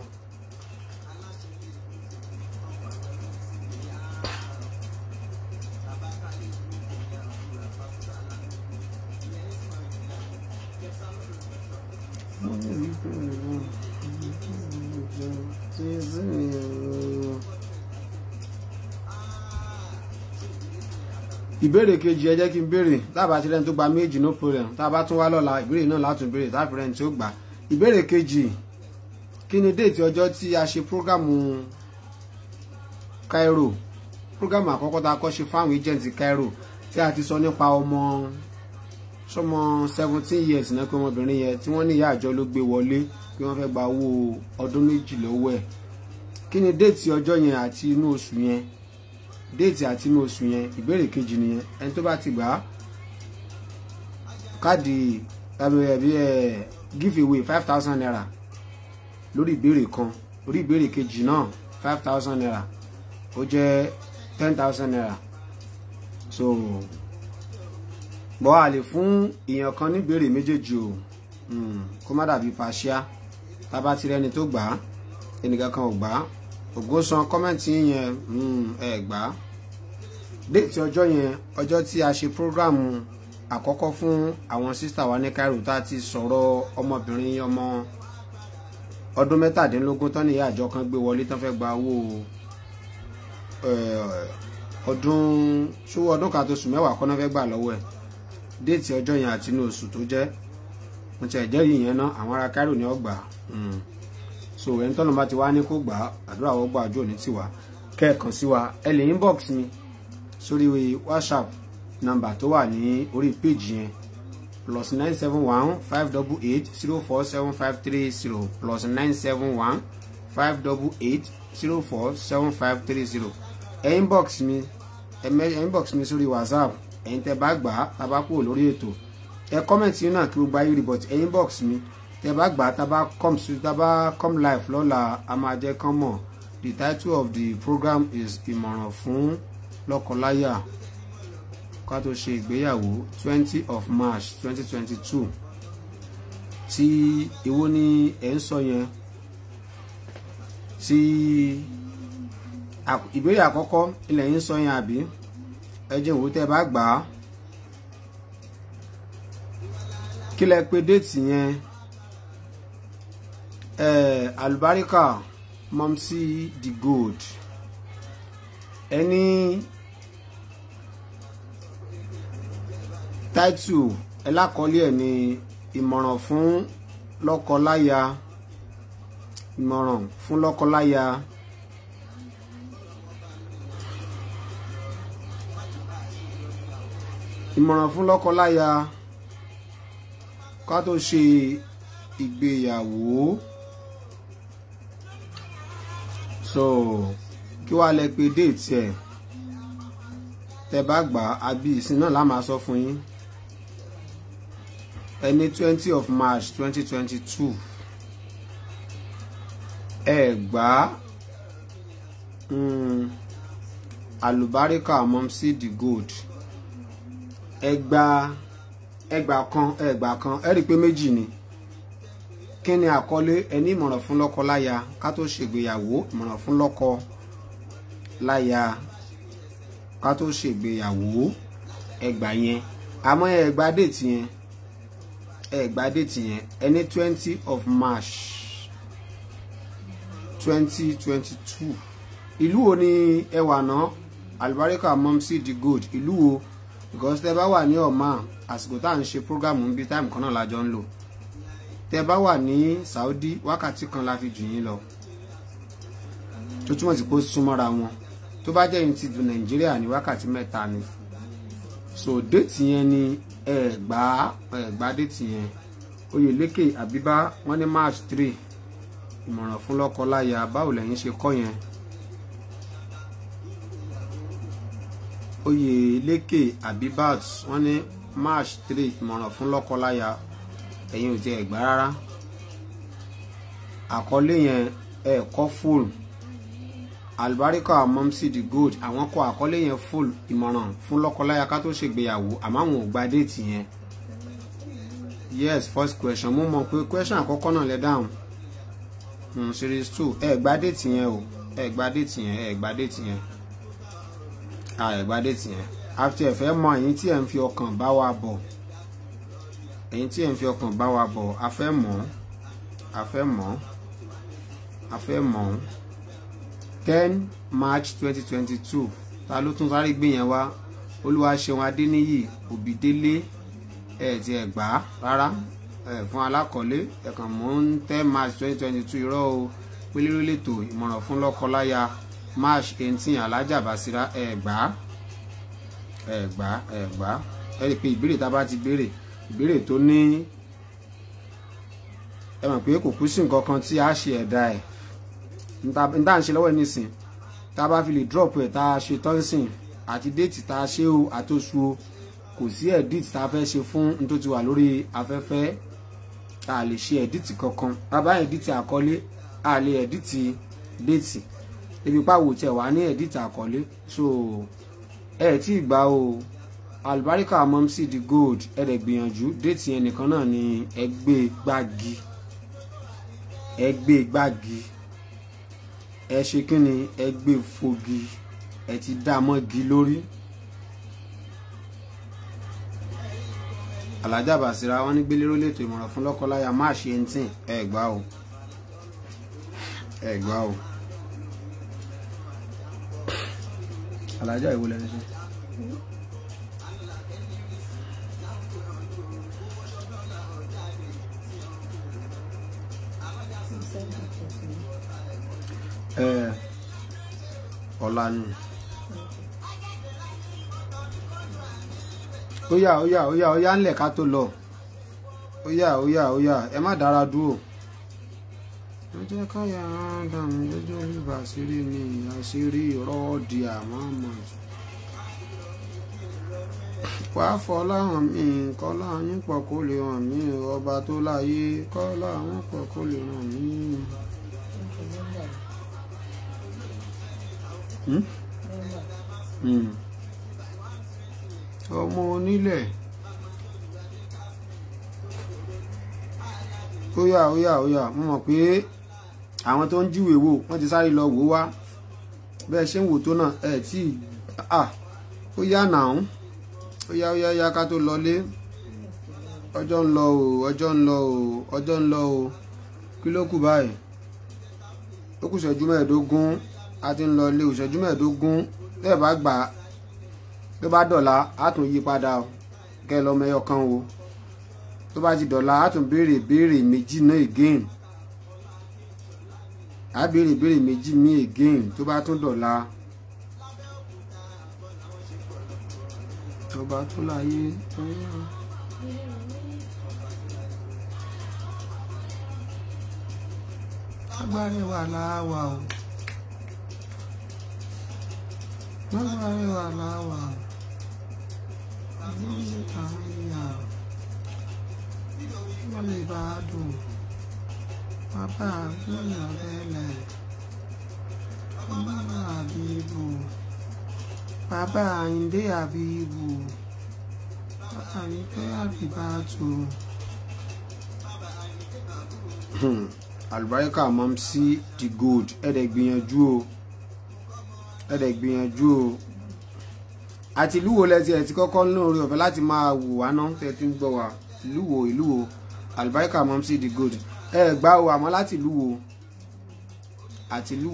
ìbéèrè kejì ẹ jẹ́ kí n béèrè tábà ti rẹ́ni tó gba méjì no problem tábà tún wá lọ́la ìbéèrè náà látún béèrè tábà rẹ́ni tó gbà ìbéèrè kejì kí ni déètì ọjọ́ tí a ṣe prógámù Cairo prógámù àkọ́kọ́ tá a kọ́ ṣe fáwọn agents Cairo tí a ti sọ nípa ọmọ sọmọ seventeen years náà pé ọmọbìnrin yẹn tí wọ́n ní ìyá àjọ ló gbé wọlé pé wọ́n fẹ́ gba owó ọdún méjì lọ́wọ́ ẹ̀ kí ni déètì ọjọ́ yẹn àti inú oṣù yẹn déètì àti inú oṣù yẹn ìbéèrè kejì nìyẹn ẹni tó bá ti gbà á káàdì ẹbí um, ẹ um, um, give away five thousand naira lórí ìbéèrè kan orí ìbéèrè kejì náà five thousand naira ó jẹ́ ten thousand naira so bọ́ a lè fún èèyàn kan ní ìbéèrè méjèèjì o hmm, kó má dàbí pàṣíà tá a bá ti rẹ́ni tó gbà á ẹnìkan kan ò gbà á ògúnsan kọ́mẹ́ǹtì yẹn hmm, ẹ gbà á déètì ọjọ́ yẹn ọjọ́ tí a ṣe prógráàmù àkọ́kọ́ fún àwọn sísítà wa ní Cairo tá a ti sọ̀rọ̀ ọmọbìnrin ọmọ ọdún mẹ́tàdínlógún tán níyà àjọ kan gbé wọlé tán fẹ́ gba owó ọdún ṣówó ọdún kan tó sùn mẹ́wàá kọ́ná fẹ́ gbà lọ́wọ́ ẹ̀ déètì ọjọ́ yẹn àti inú oṣù tó jẹ́ mo ti ẹ̀jẹ̀ yìí yẹn ná àwọn ará Cairo ni ọgbà so ẹni tọ́nà bá ti wá ní kó gbà á àdúrà wọ́n gbà àjò ní tiwa kẹ́ẹ̀kan sí wa ẹ lè inbox mi sórí whatsapp nọ́mbà tó wà ní orí péjì yẹn plus nine seven one five double eight zero four seven five three zero plus nine seven one five double eight zero four seven five three zero ẹ inbox mi ẹ inbox mi sórí whatsapp ẹ̀yin tẹ́ bá gbà á tá a bá kúrò lórí ètò ẹ kọ́mẹ̀ntì náà kí gbogbo ayé rí but ẹ inbox mi tẹ bá gbà tá bá come tá bá come life lọ́la a máa jẹ́ kán mọ̀ the title of the program is ìmọ̀ràn fún lọ́kọláya ká tó ṣe ìgbéyàwó twenty of march twenty twenty two tí èwo ni ẹ̀ ń sọ yẹn tí ìbéèrè àkọ́kọ́ ilẹ̀ yìí ń sọ yẹn àbí ẹ jẹ́ òwú tẹ́ bá gbà á kí lẹ pé déètì yẹn eh, albarika mamsi the gold ẹni táìtù ẹlákọọlẹ ẹ ní ìmọ̀ràn fún lọ́kọláya ìmọ̀ràn fún lọ́kọláya ìmọ̀ràn fún lọ́kọláya ká tó ṣe ìgbéyàwó so kí wàá lẹ pé déètì ẹ tẹ bá gbà àbí ìsìn náà la máa sọ fún yín ẹni twenty of march twenty twenty two ẹ gbà hmm, àlùbáríkà mọ́mísì the gold ẹgbàá ẹgbàá kan ẹgbàá kan ẹ rí i pé méjì ni kí ni àkọlé ẹni ìmọ̀ràn fún lọ́kọ láya ká tó ṣègbéyàwó ìmọ̀ràn fún lọ́kọ láya ká tó ṣègbéyàwó ẹgbà yẹn àmọ́ ẹgbà déètì yẹn ẹgbà déètì yẹn ẹni twenty of March twenty twenty two ìlú wo ni ẹ wà náà Alùbáríkà mọ́mísì di gold ìlú wo because tẹ bá wà ní ọ̀ma àsìkò tá à ń ṣe program ń bí kan náà lájọ ń lò tẹ́ bá wà ní Saudi wákàtí kan la fi jù yín lọ tó túmọ̀ sí pé ó súnmọ́ra wọn tó bá jẹ́ yín ti du Nàìjíríà ní wákàtí mẹ́ta ni so déètì yẹn ni ẹ̀ẹ̀gbá ẹ̀ẹ̀gbá déètì yẹn Oyèlékè Àbíbá wọn ní March three ìmọ̀ràn fún lọ́kọ-láya báwo lẹ́yìn ṣe kọ́ yẹn Oyèlékè Àbíbá wọn ní March three ìmọ̀ràn fún lọ́kọ-láya ẹ̀yin ò tiẹ̀ gbà rárá àkọlé yẹn ẹ kọ́ full albarika momsi the gold àwọn kọ àkọlé yẹn full ìmọ̀ràn fún lọ́kọláya ká tó ṣègbéyàwó àmọ́ àwọn ò gba déètì yẹn yes first question mo mọ̀ pé question àkọ́kọ́ náà lẹ dáhùn mm, series two ẹ gba déètì yẹn o ẹ gba déètì yẹn ẹ gba déètì yẹn ah, ẹ gba déètì yẹn àti ẹ̀fẹ́ mọ ẹ̀yin tí ẹ̀ ń fi ọkàn bá wa bọ̀ ẹ̀yin tí ẹ̀ ń fi ọkàn bá wa bọ̀ a fẹ́ mọ̀ a fẹ́ mọ̀ ten march twenty twenty two ta ló tún sáré gbé yẹn wá Olúwaṣeun Adéníyì Òbídélé ẹ̀ ti ẹ̀ gbà rárá ẹ̀ fún alákọ̀ọ́lé ẹ̀kàn mọ́ ń ten march twenty twenty two irọ́ o pélérò lètò ìmọ̀ràn fún lọ́kọláya march eighteen alájà Bàṣírá ẹ̀ gbà ẹ̀ gbà ẹ̀ gbà ẹ̀ rí i pé ìbéèrè tá a bá ti béèrè ìbéèrè tó ní ẹ mọ̀ pé kò kú sí nǹkan kan tí a ṣe ẹ̀dá ẹ̀ n tá à ń ṣe lọ́wọ́ ẹ̀ nísìn tá a bá fi lè drop ẹ̀ tá a ṣe tọ́sìn àti déètì tá a ṣe o àti oṣù o kò sí edit tá a fẹ́ ṣe fún n tó ti wà lórí afẹ́fẹ́ tá a lè ṣe edit kankan bàbá edit àkọlé a lè edit déètì ebi pàwọ̀ tẹ̀ wá ní edit àkọlé so ẹ̀ tí ì gbà o albarika mumsy the gold ẹ̀rẹ̀ gbìyànjú déètì yẹn náà ni ẹgbẹ́ e gbági ẹgbẹ́ e gbági ẹ ṣe kí ni ẹgbẹ́ e fogi ẹ ti dá mọ́gi lórí. alájà bàṣírà wọn ní gbélérò lètò ìmọ̀ràn fún lọ́kọ́láya má ṣe ń tì ẹ gbá o ẹ gbá o alájà ìwọlẹ̀ ń ṣe. ẹ ọ̀la ni Oya yá ó yá ó yá ó yá ńlẹ̀ ká tó lọ ó yá ó yá ó yá ẹ má dára dúró ló jẹ́ káyà dàmú lójú ni àṣírí rọ́ọ̀dì àmọ́mọ́ wàá fọ́ ọba to laye kọ́ láwọn pọ̀ kó lè Hmm? Hmm. ọmọ onílẹ̀ ó yá ó yá ó yá mo mọ̀ pé àwọn tó ń jíwèé wò wọ́n ti sáré lọ wò wá bẹ́ẹ̀ ṣe ń wò tó náà ẹ̀ tí ó yá nàá ó yá ó yá ká tó lọlé ọjọ́ ń lọ o ọjọ́ ń lọ o ọjọ́ ń lọ o kí ló kù báyìí ó kù ṣẹ́jú mẹ́ẹ̀ẹ́dógún a ti ń lọ ilé ìṣẹ́jú mẹ́ẹ̀ẹ́dógún tẹ́ ẹ̀ bá gbà á tó bá dọ̀la á tún yí padà o kẹ́ ẹ lọ́mọ ẹyọ kan o tó bá ti dọ̀la á tún béèrè béèrè méjì náà again á béèrè béèrè méjì mí again tó bá tún dọ̀la tó bá tún láyé tó yàn. agbárí wa làá o. mavarewalawa àníyà mọlẹbàádùn bàbá gbọnyàbẹlẹ ọmọ àbíbù bàbá àyíndé àbíbù àyíké àbíbàtù. àlùbáríkà mọ́mísí the gold ẹ̀ẹ́dẹ̀gbìyànjú o ẹ̀dẹ̀ gbìyànjú o àti ìlú wo lẹ́tí ẹ̀ ti kọ́kọ́ ń lóore ọ̀fẹ́ láti máa wò wá ná tẹ́ ti ń gbọ́ wá ìlú wo ìlú mọ́mísì the good ẹ gbá o àmọ́ láti ìlú àti ìlú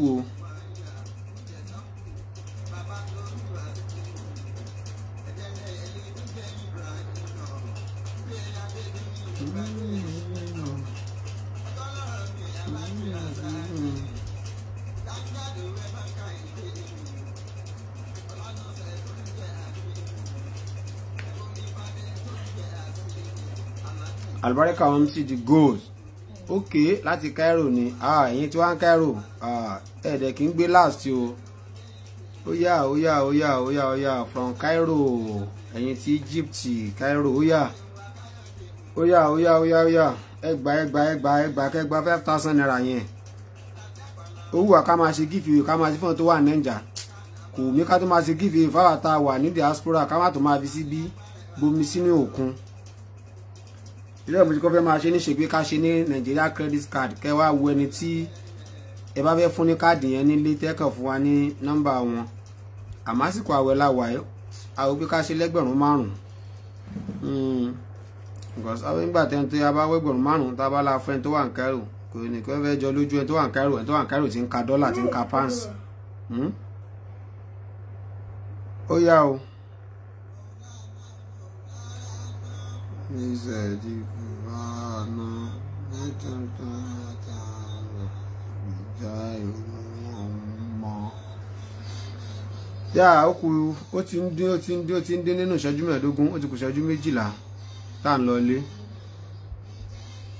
alùbáríkà wọn ti di gold ok láti Cairo ni ah ẹ̀yin tí wọ́n á Cairo ah ẹ̀ẹ́dẹ̀ kì í gbé last o ó yá ó yá ó from Cairo ẹ̀yin tí Egypt Cairo ó yá ó yá ó yá ó yá ó yá ẹgbà ẹgbà ẹgbà ẹgbà kẹgbà five thousand naira yẹn owó wa ká máa ṣe giveaway ká máa ṣe fún ọ tó wà ní Nàìjà kò mí ká tó máa ṣe giveaway fáwọn tá ní diaspora ká má tó máa fi síbí bomi sínú òkun ilé ìbùsùn kọ́ fẹ́ máa ṣe níṣe pé ká ṣe ní Nigeria credit card kẹ́ wá wo ẹni tí ẹ bá fẹ́ fún ní káàdì yẹn nílé tẹ́kàn fún wa ní nọ́mbà wọn àmásìkò àwẹ̀ làwà ẹ́ àwọn pé ká ṣe lẹ́gbẹ̀rún márùn-ún hmm, because àwọn nígbà tẹ́ni tó yá bá wẹ́gbẹ̀rún márùn-ún tá a bá la fẹ́ tó wà ń kẹ́rù kò ní kí wọ́n fẹ́ jọ lójú ẹ tó wà ń kẹ́rù ẹ tó wà ń kẹ́rù ti ń ka dọ́là ti ń ka pounds hmm? ó yá o. níṣẹ́jú ìbáná nítorí àtàrà ìjà ìmọ̀. yá ó kù ó ti ń dín ó ti ń dín ó ti ń dín nínú ìṣẹ́jú mẹ́ẹ̀ẹ́dógún ó ti kù ìṣẹ́jú méjìlá tá à ń lọ ilé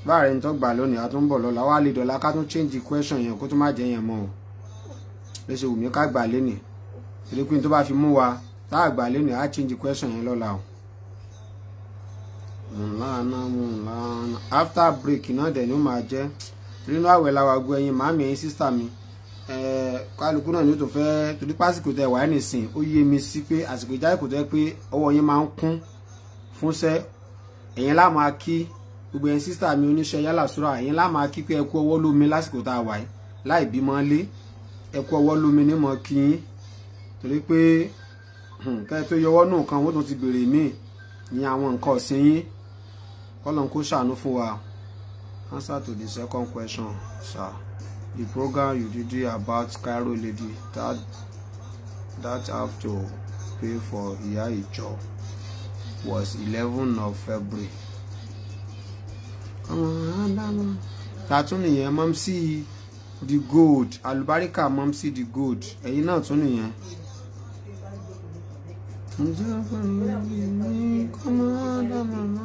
báàrẹ̀ ń tọ́gbà lónìí a tún ń bọ̀ lọ́la wá lè dọ̀la ká tún change question yẹn kó tún má jẹ́ yẹn mọ́ o lè ṣe wù mí ká gbà lénìí torí pé tó bá fi mú wa tá àgbà lénìí á change question yẹn lọ́la o mùláàánà mùláàánà after break náà dẹ̀ ni ó máa jẹ́ nínú àwẹ̀ làwọn àgọ́ ẹ̀yin màámi ẹ̀yin sísà mi kálukú náà ni ó tó fẹ́ torí pásìkò tẹ wàá nìsín ó yé mi sí pé àsìkò ìjáde kò tẹ́ pé ọwọ́ yín máa ń kún fúnṣẹ́ ẹ̀yin láàmú akí gbogbo ẹ̀yin sísà mi oníṣẹ́ yálà sọ́ra ẹ̀yin láàmú akí pé ẹkú ọwọ́ lómi lásìkò tá a wà yìí láì bímọ lé ẹkú ọwọ́ lómi ní mọ kí yín torí pé (clears throat) kẹ́ẹ̀ tó yọwọ́ nù kan wọ́n tó ti bèrè míì ní àwọn nǹkan ọ̀sìn yín kọ́lọ̀n kó ṣàánú fún wa answer to the second question sir the program you did about Cairo lady that that have to pay for Iya Ijo was eleven of February tàtún ah, nìyẹn mọ́mísì the gold alubarika mọ́mísì the gold ẹ̀yin náà tún nìyẹn. ǹjẹ́ ọ̀pọ̀ ìwé mi kọ́ máa dá màmá.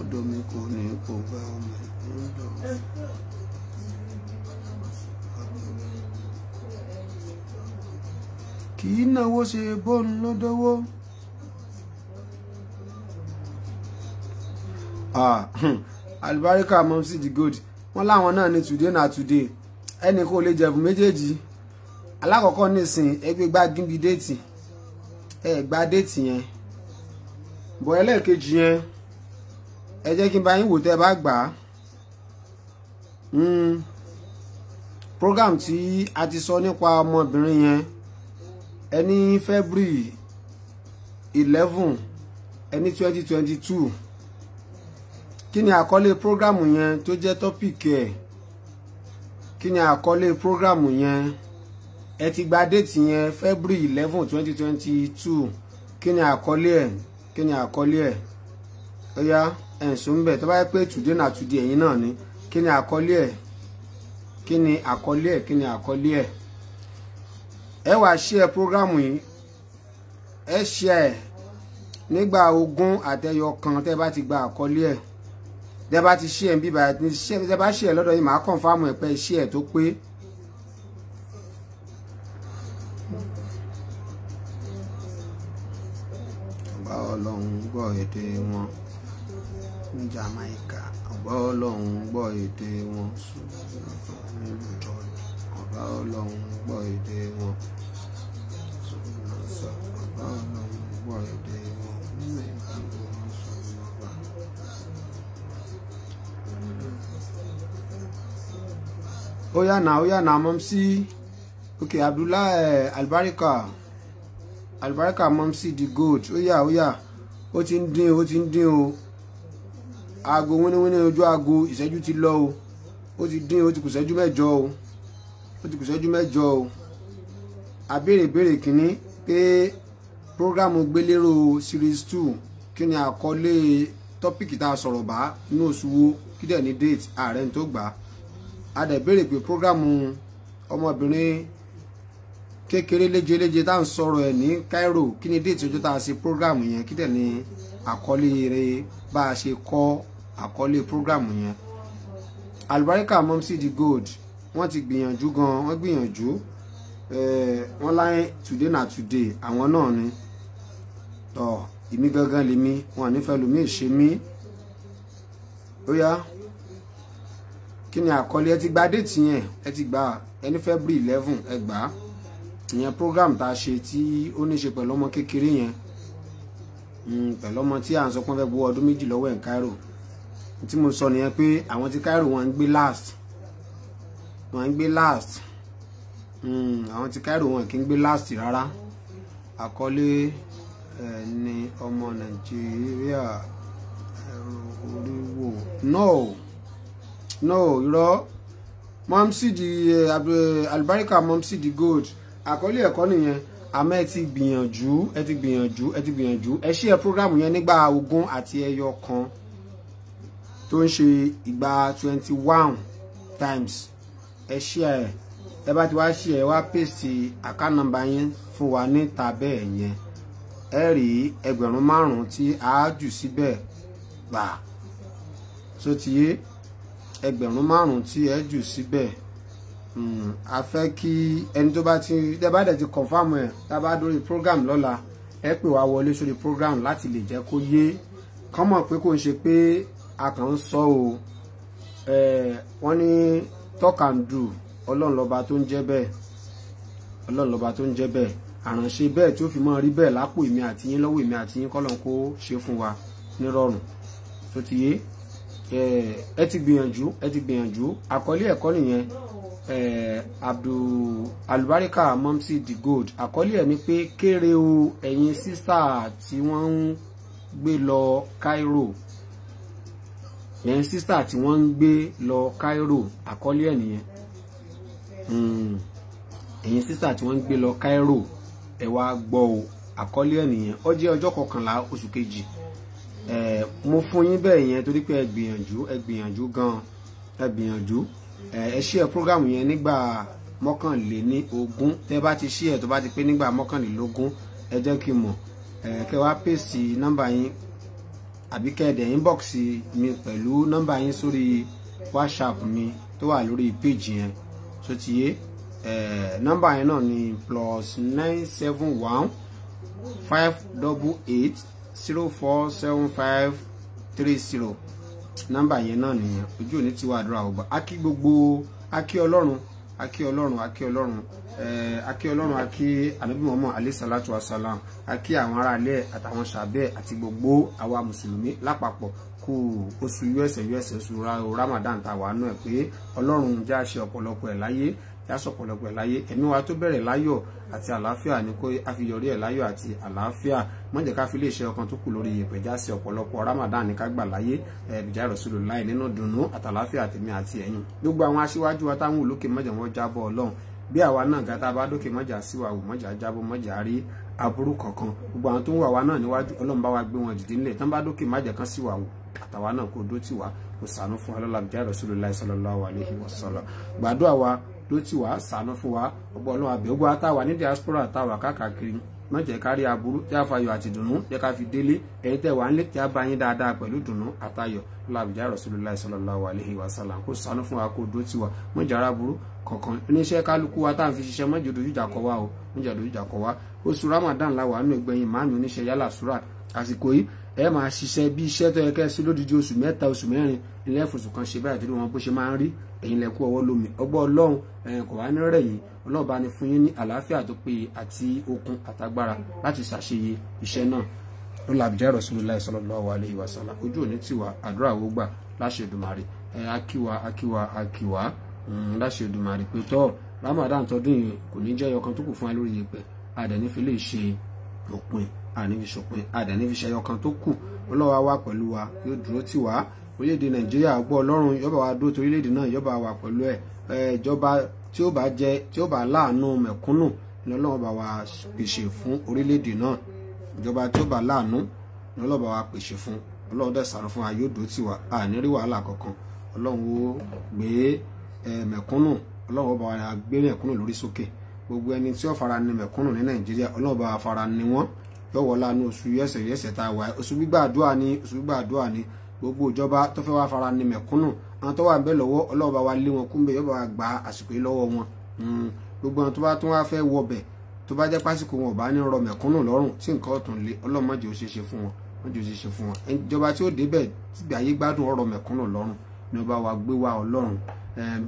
ọ̀dọ̀ mi kò ní kó gba ọmọ ìkúrò lọ. kì í náwó ṣe bọ́ọ̀nù lọ́dọ́wọ́. alibarika mom see the good wọn láwọn náà ní today na today ẹnì kò lè jẹ̀bù méjèèjì alákọ̀ọ́kọ́ nísìn ẹgbẹ́ gbá gíbi déètì ẹ gbá déètì yẹn bọ̀ ẹlẹ́ẹ̀kejì yẹn ẹ jẹ́ kí n bá yín wò tẹ́ bá gbà á hmm. program tí a ti sọ nípa ọmọbìnrin yẹn ẹni February eleven ẹni twenty twenty two kí ni àkọlé program yẹn tó jẹ́ tọ́pìkì ẹ̀ kí ni àkọlé program yẹn ẹ ti gba déètì yẹn February eleven twenty twenty two kí ni àkọlé ẹ̀ kí ni àkọlé ẹ̀ ó yá. yeah ẹ̀sùn ń bẹ̀ tó bá yẹ pé tùdé náà tùdé ẹ̀yìn náà ni kí ni àkọlé ẹ̀ kí ni àkọlé ẹ̀ kí ni àkọlé ẹ̀ ẹ wàá ṣe ẹ prógrámù yìí ẹ ṣe ẹ nígbà ogún àtẹyọ kan tẹ bá ti gba àkọlé ẹ tẹ bá ti ṣe ẹ bíbá tẹ bá ṣe ẹ lọ́dọ̀ yìí màá kọ̀ǹfàmù ẹ pé ṣe ẹ tó pé. báwo lọ́hún gbọ́ èdè wọn. Jamaica ọba ọlọ́run gbọ́ èdè wọn nílùú Jordan ọba ọlọ́run gbọ́ èdè wọn ọba ọlọ́run gbọ́ èdè wọn nílùú ìgbàgbọ́ wọn sọ̀rọ̀ ọba. Oya na oya na mọ́mísí ok Abdullah eh, Albarika Albarika mọ́mísí di gold oya oya ó ti ń dín ó ti ń dín o aago wíníwíní ojú aago ìṣẹ́jú ti lọ o ó ti dín ó ti kù ṣẹ́jú mẹ́jọ o ó ti kù ṣẹ́jú mẹ́jọ o àbèrèbèrè kínní pé prógrámù gbélérò series two kí ni àkọlé tọ́pìkì tá a sọ̀rọ̀ bá inú oṣù wo kí dẹ̀ ní date ààrẹ tó gbà á a dẹ̀ béèrè pé prógrámù ọmọbìnrin kékeré léjeléje tá à ń sọ̀rọ̀ ẹ̀ ní Cairo kí ni déètì ọjọ́ tá a ṣe prógrámù yẹn kí dẹ̀ ni àkọlé rẹ̀ bá a ṣe kọ́ àkọlé prógrámù yẹn àlùbáríkà Momsy Gold wọ́n ti gbìyànjú gan wọ́n gbìyànjú wọ́n láyé today na today àwọn náà ni tọ́ èmi gangan lèmi wọn à nífẹ̀ẹ́ lómi ìṣe mí ó yá kí ni àkọlé ẹ ti gba déètì yẹn ẹ ti gba ẹni February eleven ẹ gbà á ìyẹn program tá a ṣe tí ó ní ṣe pẹ̀lú ọmọ kékeré yẹn hmm, pẹ̀lú ọmọ tí à ń sọ pé wọ́n fẹ́ gbowó ọdún méjì lọ́wọ́ ẹ̀ ń tí mo sọ nìyẹn pé àwọn tí Cairo wọ́n ń gbé last wọ́n ń gbé last hmm, àwọn tí Cairo wọ́n kì í gbé last rárá àkọlé ẹni eh, ọmọ Nàìjíríà eh, oríwò no no irọ́ mọ́mísìdì àlùbáríkà eh, mọ́mísìdì gold àkọlé ẹ̀kọ́ nìyẹn àmọ́ ẹ ti gbìyànjú ẹ ti gbìyànjú ẹ ti gbìyànjú ẹ ṣí ẹ program yẹn nígbà ogún àti ẹyọ kan tó ń ṣe ìgbà twenty one times ẹ share ẹ̀ ẹ bá ti wá share ẹ wá paste account number yẹn fún wa ní tàbẹ́ ẹ̀ yẹn ẹ rí ẹgbẹ̀rún márùn-ún tí a jù síbẹ̀ gbà so ti yé ẹgbẹ̀rún márùn-ún tí ẹ jù síbẹ̀ hmm, a fẹ́ kí ẹni tó bá ti ẹ bá dẹ̀ ti confam ẹ̀ tá a bá dórí program lọ́la ẹ pè wá wọlé sórí program láti lè jẹ́ kó yé kọ́mọ̀ pé kò ń ṣe pé akàn ń sọ o wọ́n ní talk and do ọlọ́run lọ́ba tó ń jẹ́ bẹ́ẹ̀ ọlọ́run lọ́ba tó ń jẹ́ bẹ́ẹ̀ àránṣe bẹ́ẹ̀ tí ó fi máa rí bẹ́ẹ̀ lápò èmi àti yín lọ́wọ́ èmi àti yín kọ́lọ́n kó ṣe fún wa nírọ̀rùn tó ti yé ẹ ti gbìyànjú ẹ ti gbìyànjú àkọlé ẹ̀kọ́ nìyẹn Abdul Alubarika Momsi the gold àkọlé ẹ̀ ni pé kéré o ẹ̀yin sísà tí wọ́n ń gbé lọ Cairo yẹn sísítà tí wọ́n ń gbé lọ Cairo àkọ́lé ẹ̀ nìyẹn hmm. ẹ̀yìn sísítà tí wọ́n ń gbé lọ Cairo ẹ wá gbọ́ o àkọ́lé ẹ̀ nìyẹn ó jẹ́ ọjọ́ kọkànlá oṣù kejì mo fún yín bẹ́ẹ̀ yẹn torí pé ẹ gbìyànjú ẹ gbìyànjú gan-an ẹ gbìyànjú ẹ ṣí ẹ program yẹn nígbà mọ́kànléní ogún tẹ́ bá ti ṣí ẹ tó bá ti pé nígbà mọ́kànlélógún ẹ jẹ́ kí n mọ̀ kẹ́ wá pèsè nọ́mbà yín àbí kẹ́ẹ̀dẹ̀ inbox mi pẹ̀lú nọ́mbà yín sórí whatsapp mi tó wà lórí page yẹn tó ti yé nọ́mbà yẹn náà ni plus nine seven one five double eight zero four seven five three zero nọ́mbà yẹn náà nìyẹn ojú òní ti wà àdúrà ọgbà á kí gbogbo á kí ọlọ́run akí ọlọ́run akí ọlọ́run akí ọlọ́run akí ànábì mọ́mọ́ alẹ́sàlátù wasalam akí àwọn aráalẹ̀ àtàwọn sàbẹ̀ àti gbogbo àwa mùsùlùmí lápapọ̀ kú oṣù us us oṣù ramadan tàwa náà pé ọlọ́run já ṣe ọ̀pọ̀lọpọ̀ ẹ̀ láyé yásọ̀pọ̀lọpọ̀ ẹ̀ láyé ẹ̀mí wa tó bẹ̀rẹ̀ láyọ̀ àti àlàáfíà ni kó àfiyọrí ẹ̀ láyọ̀ àti àlàáfíà má jẹ́ ká fi lè ṣe ọkàn tó kù lórí yèpẹ̀ já sí ọ̀pọ̀lọpọ̀ Ramadan ní ká gbà láyé ẹ̀bìjà ìrọ̀sùlù láì nínú dùnnú àtàlàáfíà tèmi àti ẹ̀yin gbogbo àwọn aṣíwájú wa táwọn olókè má jẹ́ wọ́n jábọ́ ọlọ́run bí àwa náà gata bá dókè mọ́jà síwá wò mọ́jà jábọ́ mọ́jà rí aburú kankan gbogbo àwọn tó ń wà wá náà níwájú ọlọ́run bá wa gbé wọn dìde nílẹ̀ tán bá dókè májà kan síwá wò àtàwa náà kò dó tì kò sànú fún wa lọ́la bìjà Rasulullahi sallallahu alaihi wasallam gbàdúrà wa ló ti wá sànú fún wa ọgbọ́n ọlọ́run àbẹ̀wò àtàwà ní diaspora àtàwà káàkiri má jẹ́ ká rí aburú tí a fayọ̀ àti dùnnú jẹ́ ká fi délé ẹ̀yin tẹ́ wà ń lé tí a bá yín dáadáa pẹ̀lú dùnnú àtayọ̀ lábìjà Rasulullah sallallahu alaihi wasallam kó ṣàánú fún wa kó dó tiwa mọ́ ìjà aburú kọ̀ọ̀kan oníṣẹ́ kálukú wa tá à ń fi ṣiṣẹ́ mọ́jọ́ dojú ìjà kọ wa o mọ́jọ́ dojú ìjà kọ wa oṣù Ramadan làwà nù ìgbẹ̀yìn máàmì oníṣẹ́ yálà sùúrà àsìkò yìí ẹ máa ṣiṣẹ́ bí iṣẹ́ tó yẹ kẹ́ sí lódìdí oṣù mẹ́ta oṣù mẹ́rin ilé ẹ̀fọ̀sùn kan ṣe báyìí tó ní wọn bó ṣe máa ń rí ẹ̀yin lẹ́kú ọwọ́ lómi ọgbọ́ ọlọ́run ẹ̀yin kò wá ní rẹ̀ yìí ọlọ́ọ̀bá ni fún yín ní àlàáfíà tó péye àti okun àtagbára láti ṣàṣeyẹ iṣẹ́ náà lọ́la àbíjá Rasulullahi sallallahu alaihi wasallam ojú òní tiwa àdúrà wo gbà láṣẹ Èdùmàrè ẹ̀ akíwa akíwa akíwa hmm, láṣẹ Èdùmàrè pé tọ́ Ramadan tọdún yìí kò ní jẹ́ ẹyọkan tó kù fún wa lórí yẹpẹ̀ àdẹ̀nífi lè ṣe òpin ànífi ṣòpin àdẹ̀nífi ṣẹyọkan tó kù ọlọ́wà wà pẹ̀lú wa yóò dúró tì orílẹ̀-èdè nàìjíríà gbọ́ ọlọ́run yọba wa dúró torílẹ̀-èdè náà yọba wa pẹ̀lú ẹ̀ ìjọba tí ó bá jẹ tí ó bá láàánú mẹ̀kúnnù ni ọlọ́run bá wa pèsè fún orílẹ̀-èdè náà ìjọba tí ó bá láàánú ni ọlọ́run bá wa pèsè fún ọlọ́run dẹ̀ sàrọ̀ fún ayọ́dọ̀ tiwa àníríwá wàhálà kankan ọlọ́run ó gbé mẹ̀kúnnù ọlọ́run ọba wa gbé mẹ̀kúnnù lórí sókè gbogbo ẹni tí ó fara ni mẹ̀kúnnù ní nàìjíríà ọlọ́run bá wa fara ni wọ́n yọ̀wọ́ lánàá oṣù yẹsẹ̀ yẹsẹ̀ tá a wà oṣù gbígbàdúrà ni oṣù gbígbàdúrà ni gbogbo ìjọba tó fẹ́ wá fara ni mẹ̀kúnnù àwọn tó wà ń bẹ lọ́wọ́ ọlọ́run wa lé wọn kúnbẹ̀ yóò bá wa gba àsìkò yìí lọ́wọ́ wọn hmm, gbogbo àwọn tó bá tún wá fẹ́ wọbẹ̀ tó bá jẹ́ pásìkò wọn ò bá ní rọ mẹ̀kúnnù lọ́rùn tí nǹkan ọ̀tún lé ọlọ́run má jẹ́ ó ṣeéṣe fún wọn má jẹ́ ó ṣeéṣe fún wọn ìjọba tí ó débẹ̀ tí ayé gbádùn ọ̀rọ̀ mẹ̀kúnnù lọ́rùn ni ó wa gbé wa ọlọ́run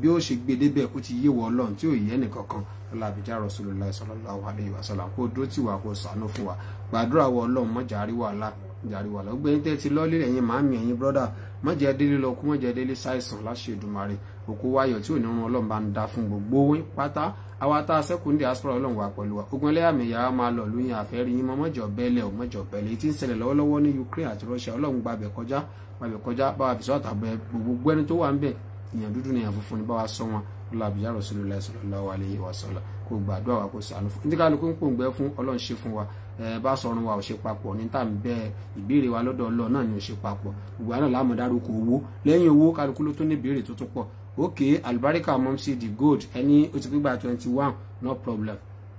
bí ó ṣe gbé débẹ̀ ó ti yé wọ ọlọ́run tí ò yẹ nìkankan ọlábìjà Rasulullah sallallahu alaihi wasallam kó dó tì kó ṣàánú fún wa gbàdúrà wọ ọlọ́run má jẹ́ á jàríwà lọ gbẹ̀yìn tẹ́ ti lọ́lé ẹ̀yin màámi ẹ̀yin brọ́dà má jẹ́ délé lọ kú má jẹ́ délé ṣàìsàn láṣẹ Èdùmàrè òkú wáyọ̀ tí òní rún ọlọ́run bá ń da fún gbogbo wọn pátá àwa tá a sẹ́kùn ní diaspora ọlọ́run wà pẹ̀lú wa ogun ẹlẹ́yàmẹ̀yà á máa lọ lóyún àfẹ́rí yín mọ́jọ bẹ́lẹ̀ ò mọ́jọ bẹ́lẹ̀ tí ń ṣẹlẹ̀ lọ́wọ́lọ́wọ́ ní Ukraine àti Russia ọlọ́run gbàbẹ̀ kọjá gbàbẹ̀ kọjá báwa fi sọ àtàgbẹ́ gbogbo ẹni ni àfúnfún ni báwa sọ wọn lábìyà Rasulullah sallallahu alaihi wasallam kó gbàdúrà wa kó bá sọ̀run wa ò ṣe papọ̀ ní tàbí bẹ́ẹ̀ ìbéèrè wa lọ́dọ̀ ọlọ́ náà ni ò ṣe papọ̀ gbogbo àná láàmú dárúkọ owó lẹ́yìn owó kálukú ló tó ní ìbéèrè tó tún pọ̀ ok albarika momsi the gold ẹni ó ti gbígba twenty one no problem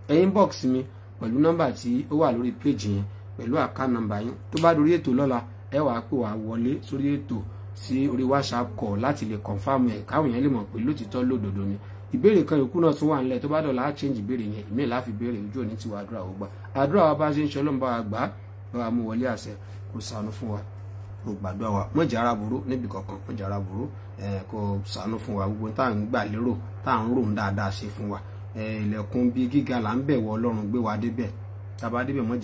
ẹ inbox mi pẹ̀lú nọ́mbà tí ó wà lórí péjì yẹn pẹ̀lú àká nọ́mbà yín tó bá dorí ètò lọ́la ẹ wàá pè wá wọlé sórí ètò sí orí whatsapp call láti lè confam ẹ̀ káwọn yẹn lè mọ̀ pé lótìtọ́ lódodo ni ìbéèrè kan yòókù náà tún wà nílẹ̀ tó bá dọ̀la change ìbéèrè yẹn ìmíì láfi béèrè ojú òní tiwa àdúrà ó gbà àdúrà wa bá ṣe ń ṣe ọlọ́run bá wa gbà á bá wa mú wọlé àṣẹ kó ṣàánú fún wa kó gbàdúrà wa mọ̀ jẹ́ ara burú níbi kankan mọ̀ jẹ́ ara burú kó ṣàánú fún wa gbogbo tá à ń gbà lérò tá à ń rò ń dáadáa ṣe fún wa ilẹ̀kùn bíi gíga là ń bẹ̀ wọ ọlọ́run gbé wa débẹ̀ tàbá débẹ̀ mọ̀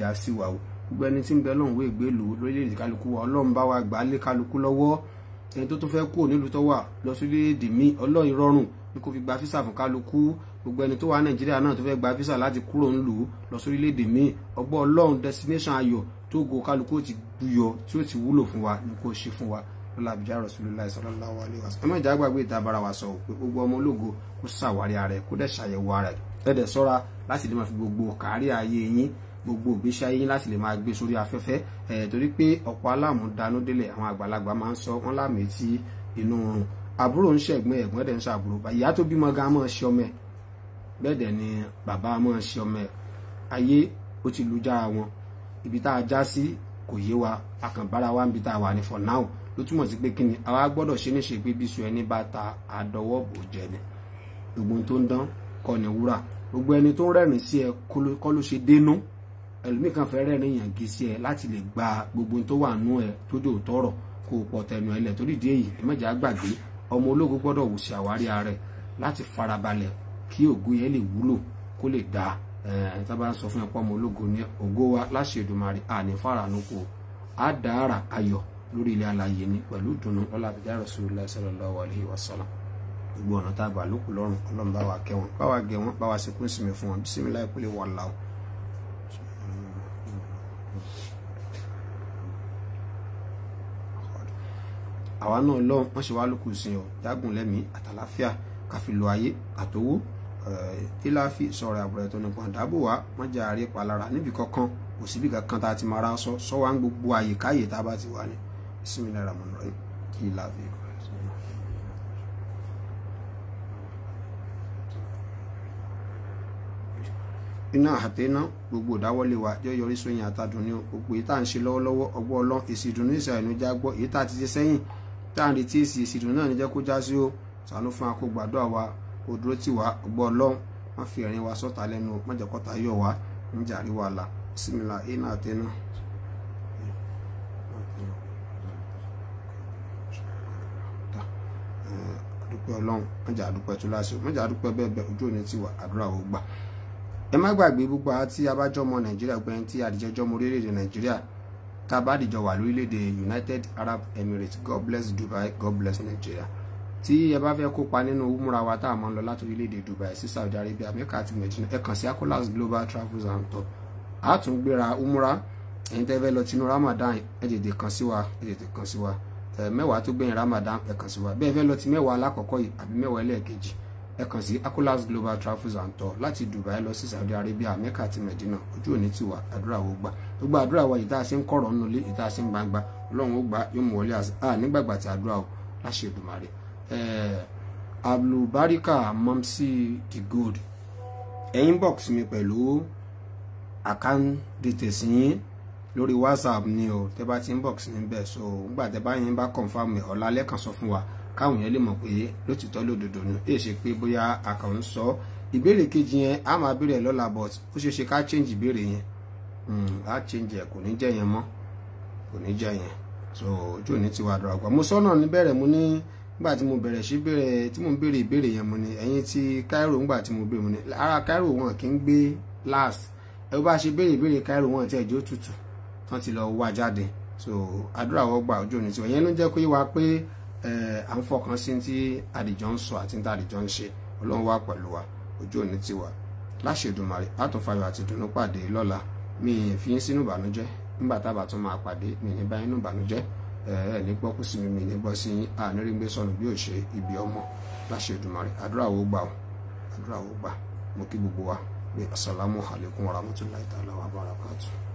jẹ́ ẹni tó tún fẹ́ kú ònílùú tó wà lọ sí èdè míì ọlọ́run rọrùn pé kó fi gba físà fún kálukú gbogbo ẹni tó wà nàìjíríà náà tó fẹ́ gba físà láti kúrò ń lọ sórílẹ̀ míì ọgbọ́n ọlọ́run destination ayọ̀ tó go kálukú ó ti buyọ tí ó ti wúlò fún wa ni kó ṣe fún wa lọ́la àbíjá Rasulullah sallallahu alaihi wasallam ẹ má jà gbàgbé ìta bára wa sọ pé gbogbo ọmọ ológo kó ṣàwárí ara ẹ kó dẹ̀ ṣàyẹ̀wò ara ẹ ẹ̀dẹ̀ sọ́ra láti lè máa fi gbogbo kárí ayé yín gbogbo ìgbésí ayé yín láti lè máa gbé sórí afẹ́fẹ́ ẹ̀ torí pé ọ̀pọ̀ aláàmúdanú àwọn àgbàlagbà máa ń sọ wọn láàmì tí inú àbúrò ń ṣẹ̀gbọ́n ẹ̀gbọ́n dẹ̀ ń ṣàbúrò ìyá tó bímọ gan mọ́ ṣe ọmọ ẹ̀ bẹ́ẹ̀ dẹ̀ ni bàbá mọ́ ṣe ọmọ ẹ̀ ayé ó ti lu jára wọn ibi tá a já sí kò yé wa àkànbára wa níbi tá a wà ní for now ló túmọ̀ sí pé kíni àwa gbọ́dọ̀ ṣe níṣe pé bíṣu ẹni bá ta àdọwọ́ bò jẹ ni gbogbo tó ń dán kọ́ ni wúrà gbogbo ẹni tó ń rẹ́rìn sí ẹ kọ́ ló ṣe dénú ẹlòmíì kan fẹ́ rẹ́rìn yàn gé sí ẹ láti lè gba gbogbo tó wà nú ẹ tó dòótọ́rọ̀ kó o pọ̀ tẹnu ẹ torí ìdí èyí ẹ mọ̀jà gbàgbé ọmọ ológo gbọ́dọ̀ wò sí àwárí ààrẹ láti farabalẹ̀ kí ògo yẹn lè wúlò kó lè dáa tá a bá ń sọ fún ẹ pé ọmọ ológo ní ògo wa láṣẹ Èdùmàrè àní fàrànù kò á lórí ilé alààyè ni pẹ̀lú ìdùnnú ọlá àti dára Rasulullah sallallahu alaihi wasallam gbogbo ọ̀nà tá a gbà lókù lọ́rùn ọlọ́run bá wa kẹ́ wọn bá wa gẹ̀ wọn bá wa ṣe kún ìsinmi fún wọn bísí mi láì kó lè wà láwọn. àwa náà lọ́hùn wọ́n ṣe wá lókun sí ọ dágùn lẹ́mìí àtàláfíà káfílò ayé àtòwó tíláfì sọ̀rọ̀ àbúrẹ̀ tó nípa dáàbò wá wọ́n jẹ́ àárẹ̀ palára níbi kankan kò síbi kankan tá a ti máa ra sọ sọ wá ń gbogbo àyè káyè tá a bá ti wà ní ìsinmi náírà mọ̀ kí n láàbì. iná àtẹ́ná gbogbo ìdáwọ́lé wa jọ yọrí sóyìn àtàdùn ní gbogbo èyí tá à ń ṣe lọ́wọ́lọ́wọ́ ọgbọ́ ọlọ́ èsì ìdùnnú ìṣàyẹ̀nù jágbọ́ èyí tá a ti ṣe sẹ́yìn tá à ń retí èsì èsì ìdùnnú náà ní kó já sí o ṣàánú fún akó gbàdúrà wa kó dúró tì wá gbọ́ ọlọ́run má fi ẹ̀rín wa sọ́ta lẹ́nu má jẹ́ kọ́ta yọ̀ wá ń jàrí wa là símìlà iná àtẹnà. dúpẹ́ ọlọ́run má jà dúpẹ́ tó lásìkò má jà dúpẹ́ bẹ́ẹ̀ bẹ́ẹ̀ ojú òní tiwa àdúrà ò gbà ẹ má gbàgbé gbogbo àti abájọmọ nàìjíríà gbẹ̀yìn tí àdìjẹjọmọ orílẹ̀-èdè nàìjíríà tabadijọ wà lórílẹ̀‐èdè United Arab Emirates God bless Dubai God bless Nigeria tí ẹ bá fẹ́ kópa nínú umra wa tá a máa ń lọ láti orílẹ̀‐èdè Dubai sí Saudi Arabia Mecca àti Medina ẹ kàn sí Akolas Global Travels and Tour a tún gbéra umra ẹ̀yin tẹ́ fẹ́ lọ tinú Ramadan ẹ tètè kàn sí wa ẹ tètè kàn sí wa mẹ́wàá tó gbẹ̀yìn Ramadan ẹ kàn sí wa bẹ́ẹ̀ fẹ́ lọ ti mẹ́wàá alákọ̀ọ́kọ́ yìí àbí mẹ́wàá ẹlẹ́ẹ̀kejì ẹ kàn sí Akolas Global Travels and Tour láti Dubai lọ sí Saudi Arabia Mecca àti Medina ojú òní ti wà àdúrà wo gbà gbogbo àdúrà wa yìí tá a ṣe ń kọ̀rọ̀ nínú ilé yìí tá a ṣe ń gbangba Ọlọ́run ó gbà yóò mú wọlé à nígbàgbà tí àdúrà o láṣẹ Èdùmàrè Abdulbarika Momsi the Gold ẹ̀yin box mi pẹ̀lú àkáǹtì dìtẹ̀sí yín lórí WhatsApp ni o tẹ́ bá ti inbox mi bẹ́ẹ̀ so ngbà tẹ́ bá yín bá confam ẹ̀ ọ̀la sọ fún wa káwọn yẹn lè mọ̀ pé lótìtọ́ lódodo nù èyí ṣe pé bóyá àkàn ń sọ ìbéèrè kejì yẹn a máa béèrè lọ́la but ó ṣeé ṣe ká change ìbéèrè yẹn á hmm, change ẹ kò ní jẹ́ yẹn mọ́ kò ní jẹ́ yẹn so ojú òní ti wà dọ̀rọ̀gbọ̀n mo sọ́nà níbẹ̀rẹ̀ mo ní nígbà tí mo bẹ̀rẹ̀ sí bẹ̀rẹ̀ tí mo ń béèrè ìbéèrè yẹn mo ní ẹ̀yin ti Cairo nígbà tí mo béèrè mo ní ara Cairo wọn kì í gbé last ẹ bá ṣe béèrè ìbéèrè Cairo wọn ti ẹjọ́ tutù tán ti lọ wá jáde so àdúrà wọ́n gbà ojú òní ti wà yẹn ló jẹ́ kó yé wa pé à ń fọkàn sí tí àdìjọ ń sọ àti tí àdìjọ ń ṣe ọlọ́run wà pẹ̀lú wa ojú òní ti wà láṣẹ Èdùmàrè àtúnfàyọ̀ àti ìdùnnú pàdé lọ́la mi ì fi yín sínú ìbànújẹ́ nígbà tábà tún máa pàdé mi ní báyìí nínú ìbànújẹ́ ẹ ní gbọ́kú sí mi mi ní gbọ́ sí yín àníri gbé sọnù bí ò ṣe ibi ọmọ láṣẹ Èdùmàrè àdúrà wo gbà o àdúrà wo gbà mo kí gbogbo wa pé assalamu alaikum warahmatullahi ta'ala wabarakatuh.